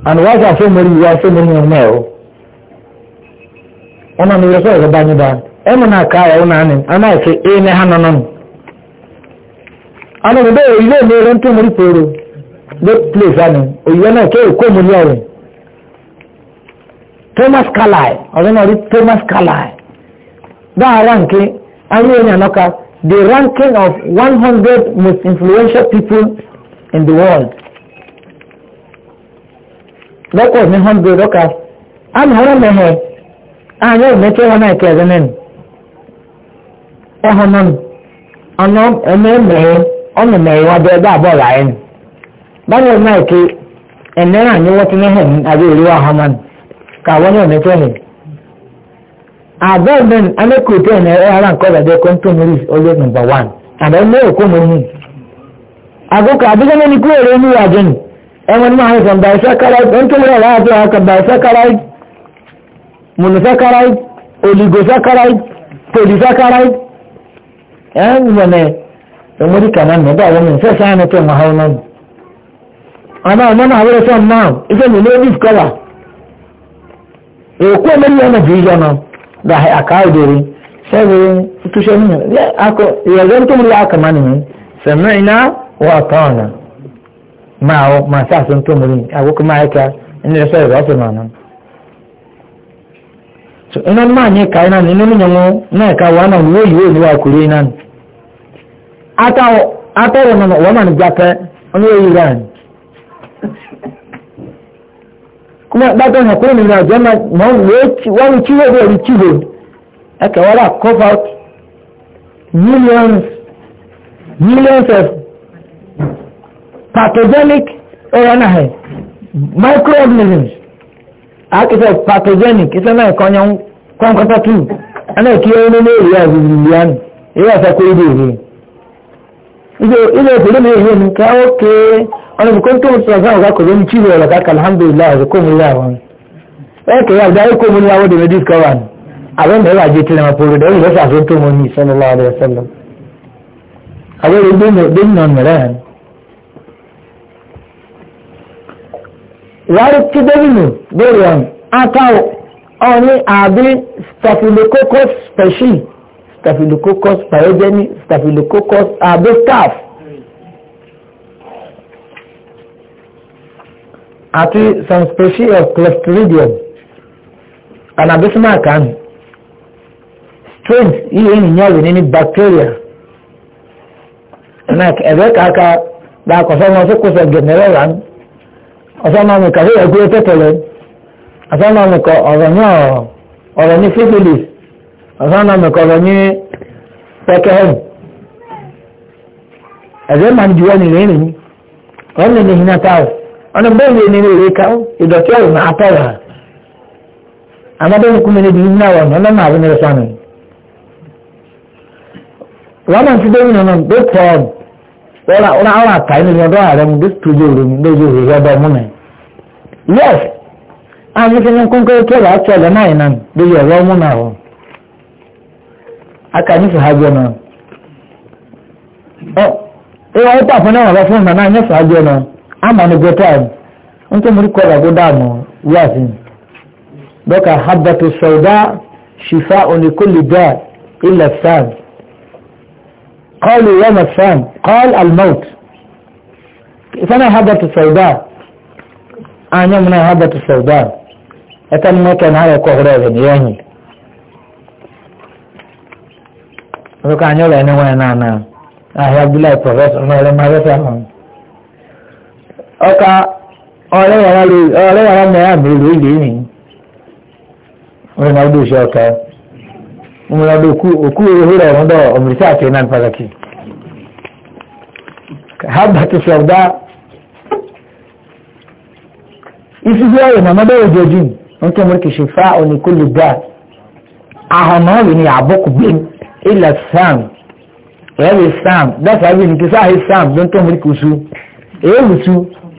Speaker 1: أنا واسع في مري واسع مري ومعه أنا من رسول رباني بان أما أنا كايا أنا أنا أنا أكي إيه نحن أنا أنا بدأ إليه مري أنت مري فورو ده بليس أنا ويانا كي أكو مري أوي توماس كالاي أنا أريد توماس كالاي that ranking anyị onye anọka the ranking of 100 most influential people in the world lọ́kọ̀ ní 100 lọ́ka a mehe anyị emeche ha na ekere nen nọ ọnụ eme emeghe ebe abụọ raa ịnụ banyere na eke anyị e nwọtụ ka abẹ́ẹ̀bẹ́n alẹ́kùtẹ́ ẹ̀ ẹ̀ ara nǹkan ọ̀dàdẹ́ kọ́ńtọ́mìrì ọlẹ́ nọmba wán àbẹ́ ilé òkú mọ́mú. àgùkọ àbíkẹ́lẹ́ ní kúrò rẹ̀ ní ìwàjẹ́ nì ẹ̀wọ̀n máa ń sàn bisakarite kọ́ńtọ́mìrì ọ̀rọ̀ àti ọ̀kà bisakarite monosakarite oligosakarite polysakarite ẹ̀ ń wọ̀nẹ̀ ọmọdé kan náà gahi a kawo ya sami'na wa ata'na ma ma sa sun sai ba su so kai nan mun na ka woyi woyi wa kure nan ata ata wannan wannan an ran kuma ɗaɗon hakuri ne na jama ma wani ciwo da wani ciwo aka wala cough out millions millions of pathogenic oranahe microorganisms aka sọ pathogenic isa na ikonyan kwankwata tu ana kiyo wani ne iri azuri ya ne iri asa ko ibe ire ido ido kudu ne ihe nke oke wani bukon to musu zan ga ko zan ciwo la baka alhamdulillah ga ko mun yawa eh ke ya da ko mun yawa da medis kawan abin da ya je tana mafuru da ya sa sun to mun ni sallallahu alaihi wasallam abin da din din non maran wari ti dabinu dorian atawo oni abi staphylococcus species staphylococcus pyogeny staphylococcus abestaff àti some species of clostridium anabisima kan strains yìí ènìyàn wò ní ní bacteria ẹnna ẹ̀rẹ́ kàkà dàkọ̀ sọ́mọ sí kùsọ̀ gẹ̀nẹ́rẹ́ rán ọ̀sọ́mọ mi kàfé ẹ̀kú tẹ́tẹ̀lẹ̀ ọ̀sọ́mọ mi kọ ọ̀rọ̀ ní ọ̀rọ̀ ní syphilis ọ̀sọ́mọ mi kọ ọ̀rọ̀ ní pẹ́kẹ́hẹ́n ẹ̀rẹ́ màá ju ẹni rẹ̀ rìn ọ̀rọ̀ ní ní hinataus ọ̀nà bẹ́ẹ̀ni ènìyàn èrè ká ìdọ̀tí ọ̀rùn náà àtọ̀rọ̀ hàn amadẹ́nukú mi níbi iná wọn ọ̀nà máa bí nírẹ̀ sánmi rọ́mà ti dé nínú náà dé pọ̀ ọ̀rọ̀ àwọn àtàyè nínú ọdọ́ ààrẹ mu dé tó yóò rèmi lójú òwe ọdọ mú mi yes àwọn ìfẹ́ kọ́ńkọ́ tó rà á tẹ̀lé náà iná lójú ọ̀rọ̀ mú náà wọn aka nífẹ̀ẹ́ ha jẹ́ náà ọ̀ ẹ̀ wọ́n pàfẹ́ náà wọ́n lọ fún ìmọ̀ náà nífẹ̀ẹ́ ha jẹ́ náà ama ni gotan nke muri kola godamo yasin doka habatu sauda shifa'un likulli da illa as-sad قالوا وما السام قال الموت فانا هبة السوداء انا من هبة السوداء اتن موتا نهاية كهرابا يعني وكان يقول انا وانا انا اهي عبد الله بروفيسور ما لما رسمه ọka ọ̀rẹ́ yàrá mẹ́ra mi ló lè ní ọ̀rẹ́ ọdún iṣẹ́ ọka ọmọdé ọdún òkú ìhúrẹ̀ ọmọdé ọmọdé àti iná pàtàkì hábà ti sọ̀dá ìfífẹ́ ọ̀rẹ́ ọmọdé òjòjú wọ́n tó mọ́rẹ́ kì í ṣe fá oníkólù dá ahọ́nà ọ̀rẹ́ ni àbọ́kù gbé ilẹ̀ sam rẹ́rẹ́ sam dáṣà rí ni kì í sáà sam ló ń tó mọ́rẹ́ kì í sú èébùsù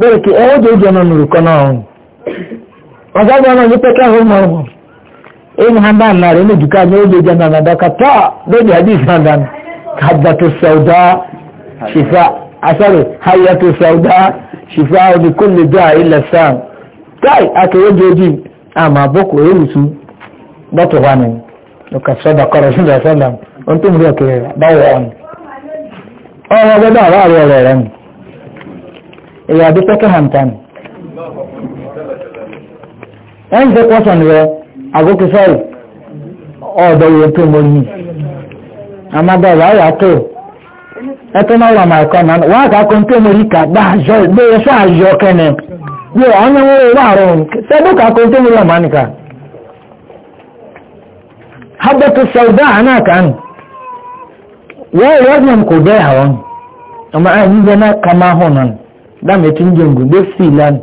Speaker 1: bẹ́ẹ̀ kí ẹwọ́ tó jẹ́ ọ̀nà nùrùkọ́ náà ọ̀hún ọ̀gágbà náà ní pẹ́kẹ́ ọ̀hún mọ̀ ọ̀hún ẹ̀yìn ha bá nà rẹ̀ ní dùkà ní ọjọ́ jẹ́ ọ̀nà dàkà tó lórí àdìs náà dànù kàdàtò sàwùdá ṣìfà àsọ̀rọ̀ hayàtò sàwùdá ṣìfà òní kò lè dá ilẹ̀ sáà táì akẹ́wọ́ jẹ́ ojú àmà àbọ̀kù èrùsù bọ́tù wa ni lọ́kà sọ́dà kọ́rọ̀ sílẹ̀ sọ́dà ọrụ
Speaker 2: ọrụ
Speaker 1: ọrụ rí ìyá àbí second time. ẹn ṣe kọ́sàn rẹ àgókè sọ́ọ̀rì ọ̀dọ̀ ìwé tó mo yìí àmàdà wàhálà tó ẹtọ́ náà wà máa kọ́ náà wà á kà kó tó mo yìí kà gbà àjọ gbé ẹṣọ́ e àjọ kẹ́nẹ̀ bí ọ̀nà wo wà rọ̀ sẹ́dọ̀ kà kó tó mo yìí ana kan wọ́n wọ́n yẹn kò bẹ́ẹ̀ àwọn ọmọ àyìn bẹ́ẹ̀ náà kà máa hàn náà. dame tinjungu de filan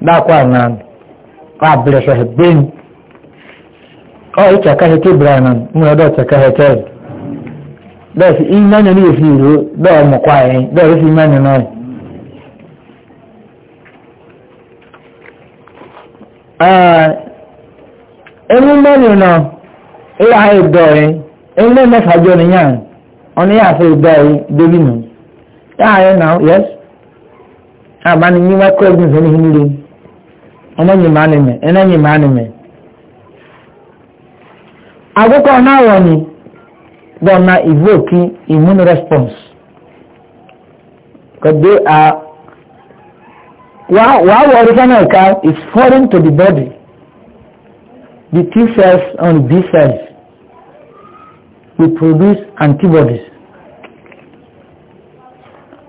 Speaker 1: da kwa nan ka bile so hebin o ita ka e heke branan mu da ta ka heke da si iman ni e fi ro da e mo kwa e da si iman na ah enu na e ha e do e enu na fa jo ni yan oni ya fe do e do ni no ta e now yes ama ni nyi wakɔ ebi nsɛm hi nri ɔmo nyi maa nimɛ ɛna nyi maa nimɛ agụkọ na awọ ni dɔ na evoke immune response kɔde a wa wa wɔri fana ɛka is foreign to the body the t cells and b cells we produce antibodies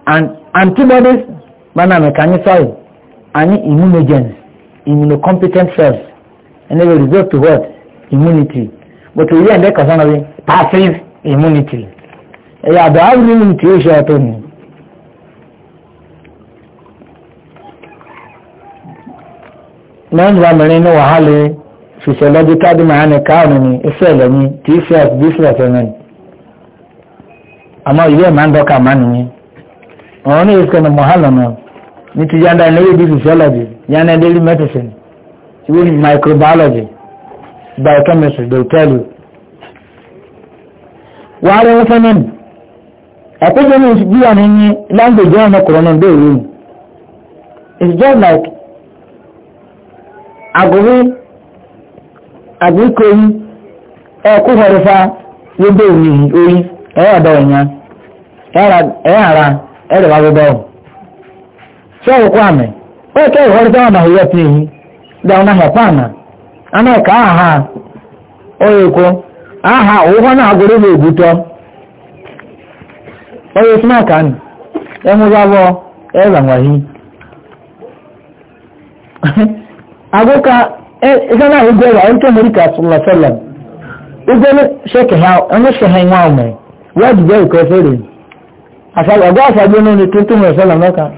Speaker 1: and antibodies mana me kanyi soil any immunogens immunocompetent cells and they will result to what immunity but we end up with passive immunity ẹ̀yà àbẹ̀ àwọn immunity ó ṣe ọ̀tọ̀ nù lẹ́yìn ìwà mẹ́rin ní wàhálà physiological demand káwọn ní ìṣẹ̀lẹ̀ ní t-cells b-cells ẹ̀mẹ́rin àmọ́ ìwé ìmọ̀ ń dọ́kà máa nìyẹn ọ̀rọ̀ ní ìṣẹ̀lẹ̀ mọ̀hálà náà niti yanda na yi physiology yana daily medicine even microbiology biochemistry they tell you wàhálà wọn fẹ́ mẹ́nu ẹ̀kọ́jọ́ náà bí wà ní language wọn ọkùnrin náà bẹ́ẹ̀ it's just like agogo agbíkọ yìí ẹ̀kú hẹrẹfà yóò bẹ́ẹ̀ yìí orí ẹ̀yà ẹ̀yà ara ẹ̀rẹ̀ wà ọ̀hún. sọ́wọ́ kwame wọ́n ìwọ́n tó wọ́n àhúyọ́ tí èyí dáwọn náà hẹ̀páàmà àmà ẹ̀ka àhà ọ̀yẹ̀kọ́ àhà na náà agolo lè gbútọ́ ọ̀yẹ̀ tí náà kàn ẹ̀mú bábọ̀ ẹ̀rọ abụọ agóka ẹ̀ka náà ìgbẹ́ wà ẹ̀ńtọ́ mọ́ríkà sọ̀lọ̀ ni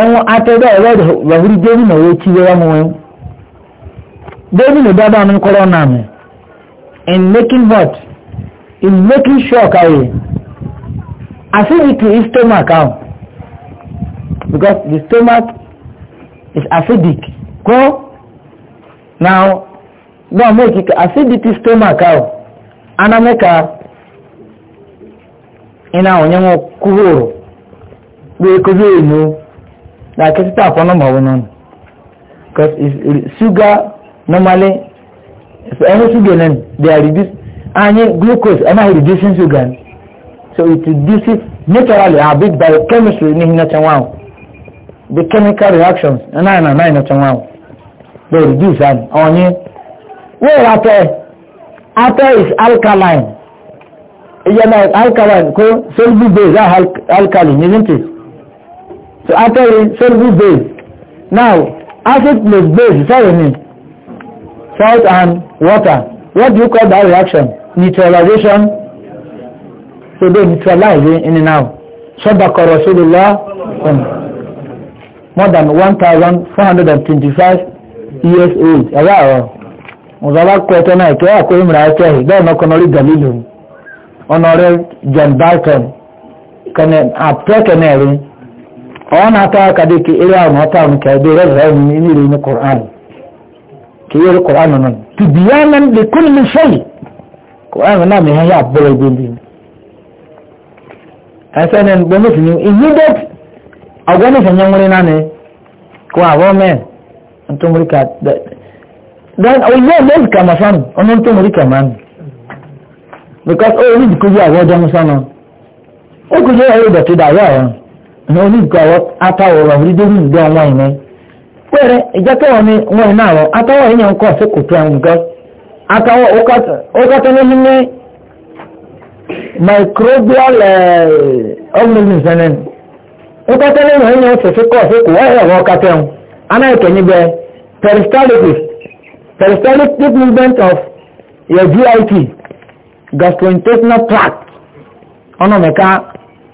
Speaker 1: ẹ̀wọ̀n atẹ́dá ẹ̀rọ ìwàhúrí gómìnà owó tí wọ́n mú wọn. gómìnà dábàá ní kọ́rọ́nà mi in making what in making sure kàwé acidity is stomach am because the stomach is acidic ko now don make it acidity stomach am anameka ina onye nwe kwuru wee kuzi like it's tough for number one on because sugar normally so any sugar then they are reduced and glucose am I reducing sugar so it reduces naturally our big biochemistry in natural wow the chemical reactions and I and I natural wow they reduce and on you where after after is alkaline Yeah, know alkaline so soluble base are alkaline isn't it So after a service base, now acid plus base, sorry me, salt and water. What do you call that reaction? Neutralization. So they neutralize in and out. صدق رسول الله more than 1,425 years old. Ẹ̀rọ àrọ̀, ọ̀zọ́lá kọ ẹ̀tọ́ náà ìkẹ́ àkó ìmìrà ẹ̀tọ́ ẹ̀ bẹ́ẹ̀ náà kọ́nà orí Galilu, ọ̀nà ọ̀rẹ́ John Barton, kẹ́nẹ̀ àpẹ́kẹ́nẹ̀ rí ona ta ka de ke ira ma ta mu ka de ra ra ni ni ni qur'an ke yi qur'an nan tibyanan li kulli shay qur'an na me ya bolo de ni asanan bo mu ni immediate agwani sanyan wuri na ne ko abo men antum rika dan o yo le ka masan onon tum rika man because oh, o ni ko oh, ya wa na onígbàwọ́ atáwọ̀ wà wúlídé ní ìgbé àwọn ìmẹ́ pẹ̀rẹ̀ ìjẹ́kẹ́ wọn ni wọn iná àwọn atáwọ̀ yìí ń kọ́ sí kòtò àwọn nǹkan atáwọ̀ ókàtọ́ ní ní microbial eh, organisms ẹni ókàtọ́ ní ìwọ̀n yìí ń sèse kọ́ sí kò wáyé àwọn ọkàtọ́ ẹ̀hún peristaltic peristaltic movement of your git gastrointestinal tract ọ̀nà mẹ́ka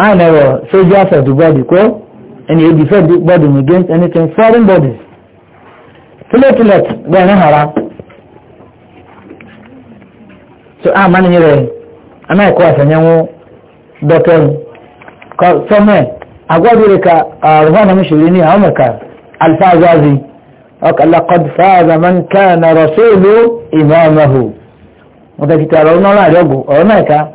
Speaker 1: I never soldiers of the body ko and you defend the body against anything foreign bodies. Platelet bẹ́ẹ̀ ní hara. So a máa nìyẹn rẹ̀ àmà ẹ̀kọ́ àfẹ̀yẹ̀wò dọ́kẹ́rù. Sọ́mẹ̀ àgọ́dúró ka àrùbá náà ṣèlérí ní àwọn mẹ̀ka alfáàzáàzì ọkà lakọ́d fáàzà máa ń ká ẹ̀nà rọ̀ sóòlù ìmọ̀ ọmọ hù. Mo tẹ̀ kìtà ọ̀rọ̀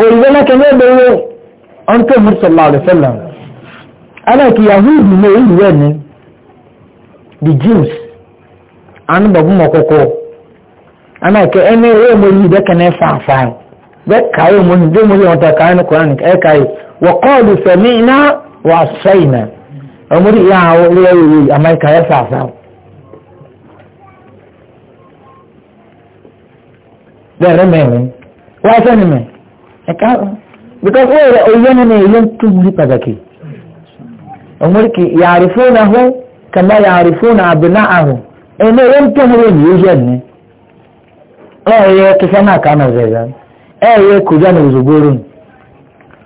Speaker 1: òyìnbọ́lá kẹlẹ́ lówó ọ̀ntọ́ mùsùlùmá àlùfẹ́lá aláìkí yahudu ní ìlú ẹ̀ ní the jews àánú bàbúmọ̀ kọ́kọ́ aláìkí ẹni owó ọmọ yìí dẹ́kẹ̀ náà fà fà bẹ́ẹ̀ káyọ̀ mọ́ ní bẹ́ẹ̀ mo lè wọ́n ta káyọ̀ ní koran ẹ̀ káyọ̀ wọ́n kọ́ọ̀lù sẹ̀mí iná wà sẹ́yìn náà ọmọ yìí yà áwọ̀ lórí ẹ̀rọ yìí amẹ́ríkà ẹ̀ fà fà. bẹ́ẹ̀ rẹ̀ mẹ́rin wọ́n á sẹ́ni ẹ̀ka because wọ́n yẹ ẹ̀yẹ nínú ẹ̀yẹ tó wuli pàtàkì ọmọdéke ya fún ahọ́ kàmá yàrá fún abìnà ahọ́ ẹ̀yẹ ẹ̀yẹ tó wuli ẹ̀yẹ yóò yẹ ẹ̀yẹ kẹfẹ́ náà kà nà zẹ̀zẹ̀ ẹ̀yẹ kọjá nà òzògbóró ni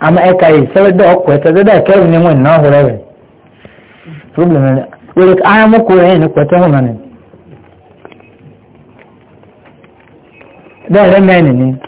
Speaker 1: àmà ẹ̀ka yìí sẹ́wẹ́ ọkọ̀ ẹ̀tẹ́ kẹ́rin ni wọ́n ní náà hóró rẹ̀ problem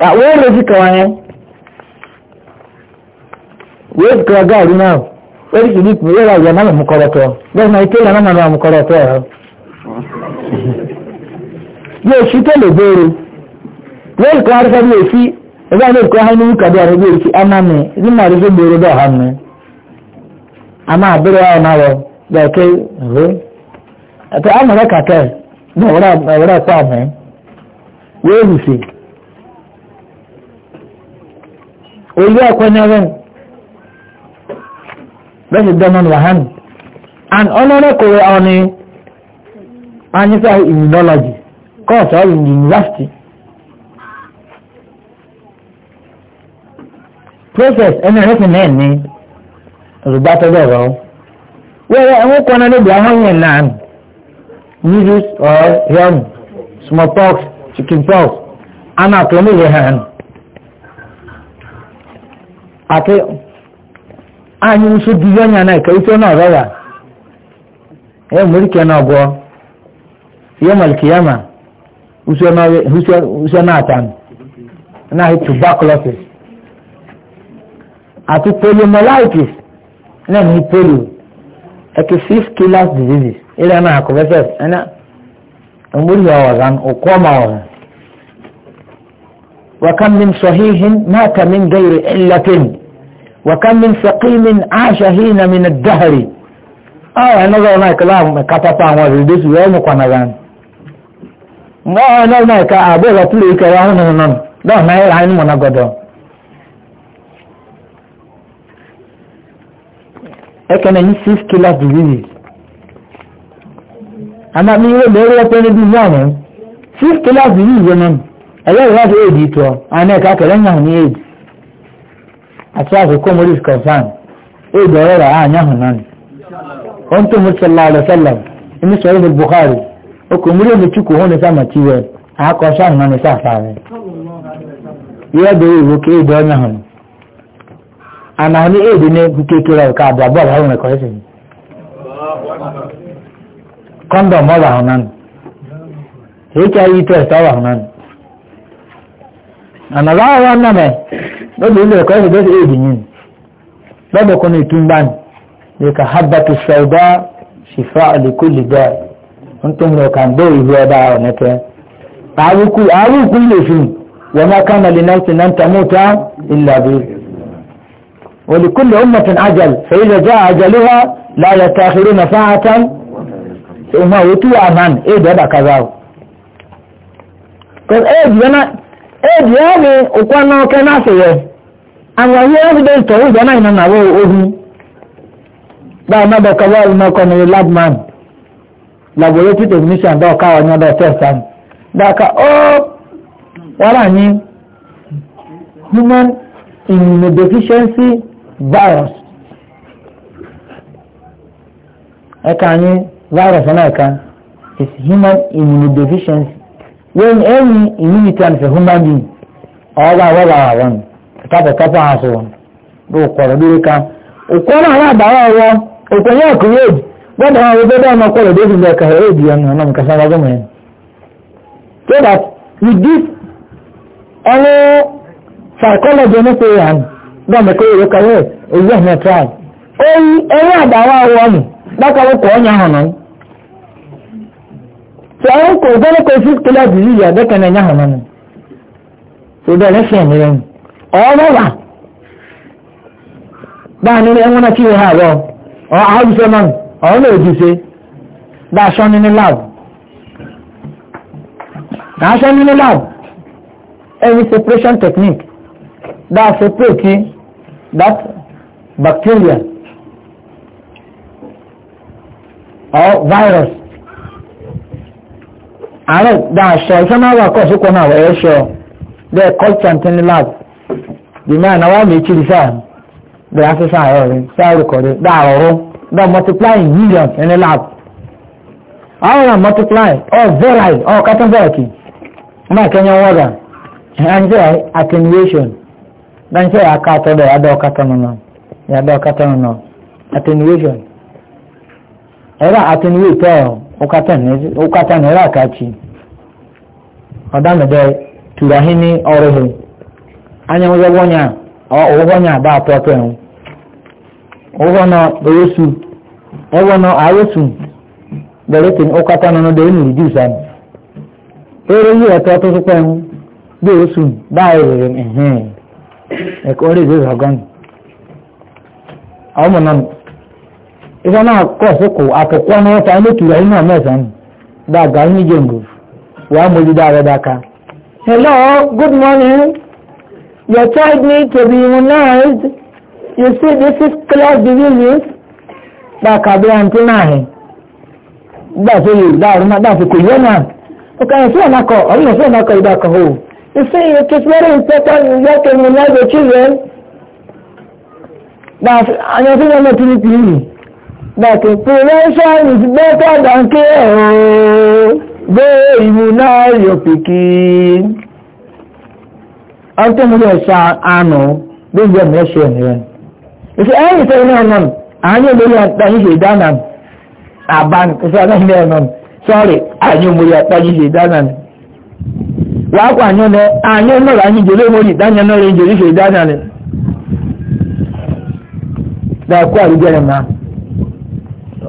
Speaker 1: wee mezikawa ya wee zikawa gaari náà wẹ́rì kìíní kù wẹ́rì àgbà náà mú kọ́rọ́tọ́ bẹ́ẹ̀ náà ìtẹ́lẹ̀ na máa mú kọ́rọ́tọ́ ẹ̀ yóò sí tẹ́lẹ̀ béèrè wẹ́rì kan arúgbó bí èsì ẹgbẹ́ àwọn èkó hàn ní kàdé àrùn bí èsì ẹ̀nà mi ní màá rí gbèrè bẹ́ẹ̀ hàn mi àmà àbẹ̀rẹ̀ àwọn náà wọ bẹ́ẹ̀ kẹ́ ẹ̀rọ ẹ̀tọ́ oyi akwanyere bẹẹsi dẹmọn wahan and immunology course ọ university process ẹni ẹrẹsìn náà ní ọdùbátọ bẹẹ rọ wẹẹrẹ ẹwọn kọ náà lóbi ahọ́n yẹn náà or young smallpox hàn. àti anyị nso dịzi ọnya na ka ito na ọrọ ya e nwere ike na ọgwọ ihe maliki ya ma uso na atan na ahụ tuberculosis àti poliomyelitis náà ní polio eke six killers diseases ilẹ̀ náà kò fẹsẹ̀ ẹ̀ náà ọmọdé yà wọ̀ zan òkú وكم من صحيح مات من غير علة وكم من سقيم عاش هنا من الدهر آه أنا ذا هناك لا كتفا وردس ويوم قنغان ما أنا هناك أبو وطلي كراهن هنان لا ناير من منغدا أكنا نسيس كلا diseases أما ميرو ميرو أبنى بيزانه سيس كلا diseases ẹlẹ́rìí láti èdè ìtọ́ àná ẹ̀ka kẹlẹ́yìn ní èdè àti àkókò morris confam èdè ọ̀rọ̀ rà áyàn náà wọ́n tó mú sọ́lá alẹ́sẹ́lá ẹni sọ̀rọ̀ ní buhari okùn múlò ní chukwu hún ní sáàmà tí wẹ́ẹ̀ àákọ́ sáàmà ní sáàfà rẹ̀ yíyá bẹ̀rẹ̀ ìwò kí èdè ọ̀yàn hàn èdè ní kékeré ọ̀ka àbúrò àwọn ẹ̀kọ́ ẹ̀sìn kọ́ndọ̀m ọ̀rọ̀ àwọn náà àmàlà àwọn anamẹ lọ́dọ̀ ilé ẹ̀kọ́ ẹ̀sìn lọ́dọ̀ èdè yìí lọ́dọ̀ kan ní ìtúmbà ní ìka habatu sauda shifa alikuli da ń tó ní ọkà ń bẹ́ ìlú ọba ọ̀nẹ́tẹ́ àwùkú àwùkú lè fi wọn máa kánà lè náà ti náà tamúta ilà bí ولكل أمة عجل فإذا جاء عجلها لا يتأخرون ساعة ثم وتوا من إيه ده كذا قال إيه أنا eji ọmị ụkwa n'ọke n'asịrị anya ihe evidence ọwụ ịga naanị na awa ohu da ọma dọka wọl n'ọkọ labman laboratory technician dọka ọnyọ dọ test ahụ dọka o wara anyị human immunodeficiency virus ẹka anyị virus náà ẹka is human immunodeficiency when any immunity and a human being ọba wọba wọn kápọ̀kápọ̀ àṣọ wọn ló kọ̀rọ̀ lórí kan òkú ọmọ àwọn àbáwọ̀ ọwọ́ òkú ẹ̀yẹ́ ọkùnrin èdè gbọ́dọ̀ àwọn ọgbẹ́ bá ọmọ kọ̀rọ̀ lórí ilẹ̀ kàrọ̀ èdè ẹnu ọ̀nà nǹkan sára gọ́mọ̀ yẹn so that with this ọwọ́ psychology ní pé yàn gbọ́mọ̀ kó èrò kàwé èyí ọ̀nà trial ẹ̀yẹ́ àbáwọ̀ ọwọ́ mi bákan ó kọ̀ ọ́nyà hàn náà so àwọn kò gbọ́dọ̀ kò sí kílá bìlì yà dẹ́kẹ̀ náà yàhùn náà so bẹ́ẹ̀ lẹ́sẹ̀ ní rẹ̀ ọ̀rọ̀ wà báà ní ẹ̀wọ̀n náà kí wọ́n hà rọ̀ ọ̀ àwùjọ náà ọ̀rọ̀ náà òjì ṣe bá aṣọ nínú láwù bá aṣọ nínú láwù ẹ̀yìn separation technique bá a separate that bacteria or virus àárẹ̀ dá aṣọ iṣẹ́ náà wà kọ́ọ̀sì kan náà wọ̀nyẹ́ ṣọ bẹ́ẹ̀ culture and training lab dìmọ̀ àná wà mí kiri sáà bẹ́ẹ̀ aṣọ sáà rẹ̀ rẹ̀ sáà rẹ̀kọ̀dẹ̀ dá ọ̀rọ̀ dá multiplying millions in the lab àwọn náà multiply all varied all categoric náà kẹ́nyẹ́ wọ́n ẹ̀ńjẹ́ attenuation ẹ̀ńjẹ́ àkàtọ̀ dẹ̀ adọ́ kàtọ̀ nù attenuation. ẹ̀rọ àti ní ìtọ́ ọkàtà ní ẹ̀rọ àkàtì ọ̀dàmẹ̀dẹ tùràhí ní ọrọ̀ hù anyanwó wọ́nyà ọ̀wọ́nyà bá àpọ̀pọ̀ ẹ̀hún ọwọ́nà ẹ̀yẹ́sù ọwọ́nà àyẹ́sù bẹ̀rẹ̀ ọkàtà nínú dẹ̀ ẹ̀nù ìdí ìsàn eré yìí ẹ̀tọ́ tó tó bí bá ẹ̀kọ́ ìfẹ́ náà kọ̀ síkò àtọ̀kọ́ náà ta ilé ìtura inú mẹ́sàn-án dàgbà ní jẹ̀ǹgò wà á mójú dára hello good morning your child me to be immunized you see this is class diseases dàkà bí àǹtí náà hẹ̀ dàṣẹ yìí dàrú náà dàṣẹ kò yẹ náà ọkà ìfẹ́ ọ̀nà kọ ọ̀rọ̀ ìfẹ́ ọ̀nà you see it is very important you get to children Like prevention is better than care. Go immunize your pikin. After me sa ano, this is mission here. If any say na no, anyo mo ya ta ni dana. Aban ko sa na no no. Sorry, anyo mo ya ta ni dana. Wa kwa anyo ne, anyo no la ni jole mo ni dana no le jole se dana Da na.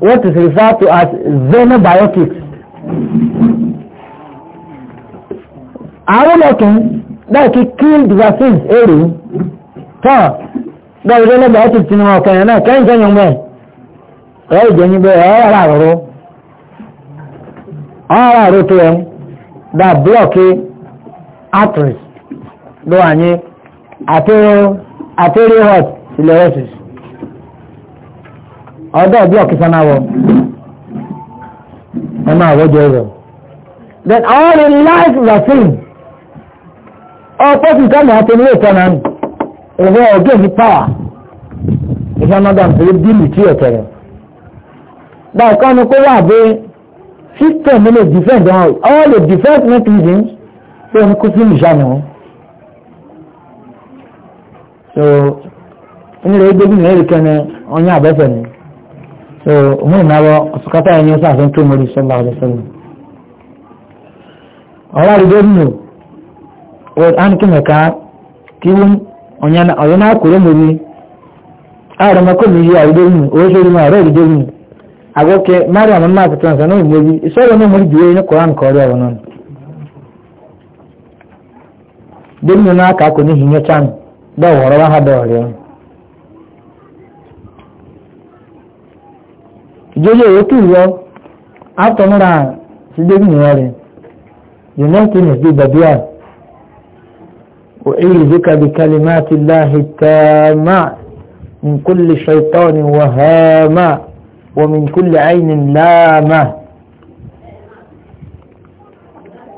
Speaker 1: what is referred to as xenobiotics. Àwọn ọ̀tún náà kí killed vaccines èrò tọ́ gbọ́dọ̀ xenobiotics ni wọn kẹrin náà kẹrin sẹ́yìn mẹ́ ẹ̀ ìjẹyìn bẹ́ẹ̀ ẹ̀ ara àrọ̀rọ̀ ara àrọ̀ tó ẹ̀ dá blọ́ọ̀kì arteries ló wà ní arterial arterial heart cirrhosis ọdọ ọbí ọkẹsán náà wọ ẹ máa wọjọ ẹ rọ then all in life vaccine ọ̀pọ̀ nǹkan náà tó ní ìtọ́ náà nù ẹ̀rọ ọ̀gẹ́ ní power ìfẹ́ náà dàn pẹ̀lú bíìlì tí ọ̀tẹ̀rẹ̀ báyìí kan ní kó wà pé system ní lè defend all all the defense mechanisms tó ní kó sínú ìṣàmì so inú rẹ̀ gbé bí mi ẹ̀rí kẹ́ni ọ̀yìn àbẹ́fẹ̀ ni. so mu na bo sukata ya ni sa san to muri sallallahu alaihi wasallam awari do nu o an ka onya na oyo na kure ara ma ko mi ya do nu o so ri ma re do nu agoke mariam ma ta tan sanu muri so ro no muri biye ni quran ko ro wonon na ka ko ni hinya chan da woro ha do ìjọlẹ̀ òkú lọ átọ̀mọ́ra sídébì nìyà rẹ̀ united nations bí gbàdúrà òhìrì zika bí kalimati láhi tààmà min kulli shaitani wa hama wa min kulli ainin láàmà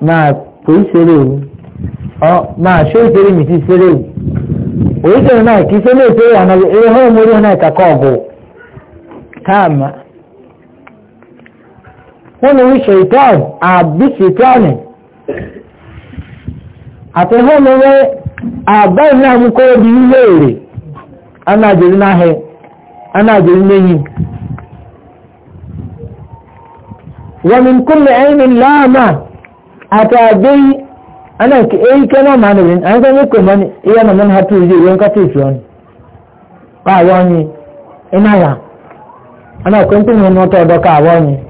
Speaker 1: máa pèé sẹ́rẹ̀ òní máa ṣó ìṣẹ́rẹ̀ mi sí sẹ́rẹ̀ òní òní náà kì í sẹ́rẹ̀ ìṣẹ́rẹ̀ àwọn ẹ̀rọ náà ìkàkọ́ ọ̀bọ̀ tààmà wọ́n wí ṣèitán àbí ṣèitánì àti wọ́n wí àbá ìlànà kó di ilé èrè anájèrí náhẹ anájèrí lẹ́yìn wọ́n mi kúlẹ̀ ẹ̀yìn láàmà àti àgbé anáàkì kẹ́nà máa nìrí àyíká a kò mọ́ni ìyá nà mọ́ni hàtú ìdí ìwé nǹkan tó ìṣọ́ ni ọ̀dọ́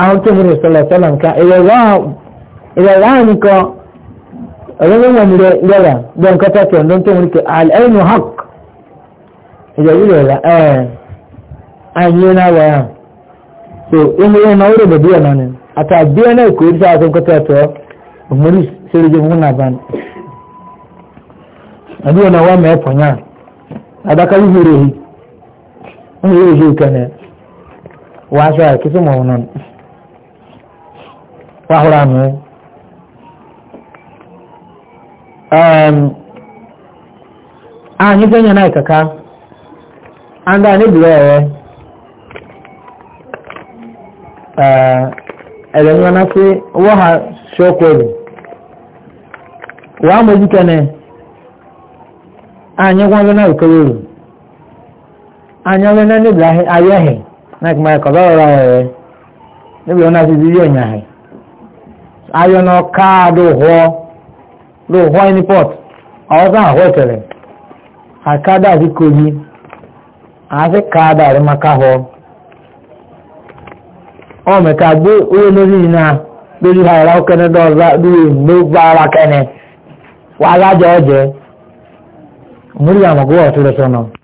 Speaker 1: àwọn tó múlẹ̀ sọ̀lọ̀ sọ̀lọ̀ nǹkan ìwẹ̀ wá nìkan ọ̀rẹ́lẹ̀ wọn rẹ̀ lọ́ra bẹ́ẹ̀ nǹkan tó tẹ̀ ọ̀dọ́ tó múlẹ̀ kẹ́ àlẹ́nu hawk ìjọ̀wé rẹ̀ rà ẹ̀ àyè náà wà yà so ìmú yẹn náà ó lè bẹ̀bí ẹ̀ náà ni àti àbíyẹn náà kò rí sáà tó nǹkan tó tẹ̀ ọ̀mọ́lì wọ́n yóò àkísùmọ̀ ọ̀nà wahụrụ anụ anyị ganye na ikaka ndị anyị bụrụ ewe ẹ̀rẹ̀ ń rana ha ṣọ́kọ̀ọ̀lù wọ́n anyị mọ̀ jíkẹ́ na anyị wọ́n lọ́nà ìkọwọ́lù anyị lọ́nà níbi ayẹ́hìn na kí máa kọ̀ lọ́rọ̀ ẹ̀rẹ̀ níbi ọ̀nà àti ìdílé ayọ̀nà káà ló họ́ ló họ́ ẹni port ọ̀ọ́sán àwọ̀ ìtẹ̀lẹ̀ àkádà sí kogi àti káàdà rẹ̀ máa ká họ́ ọmọọ̀mẹ̀ka gbé owó lórí iná lórí àìrá ọkẹ́ni dọ́ọ̀lá lórí ló ara kẹ́ni wà lájọ ọ̀jẹ́ àmọ̀gbọ́ ọ̀tún lọ́sọ̀nà.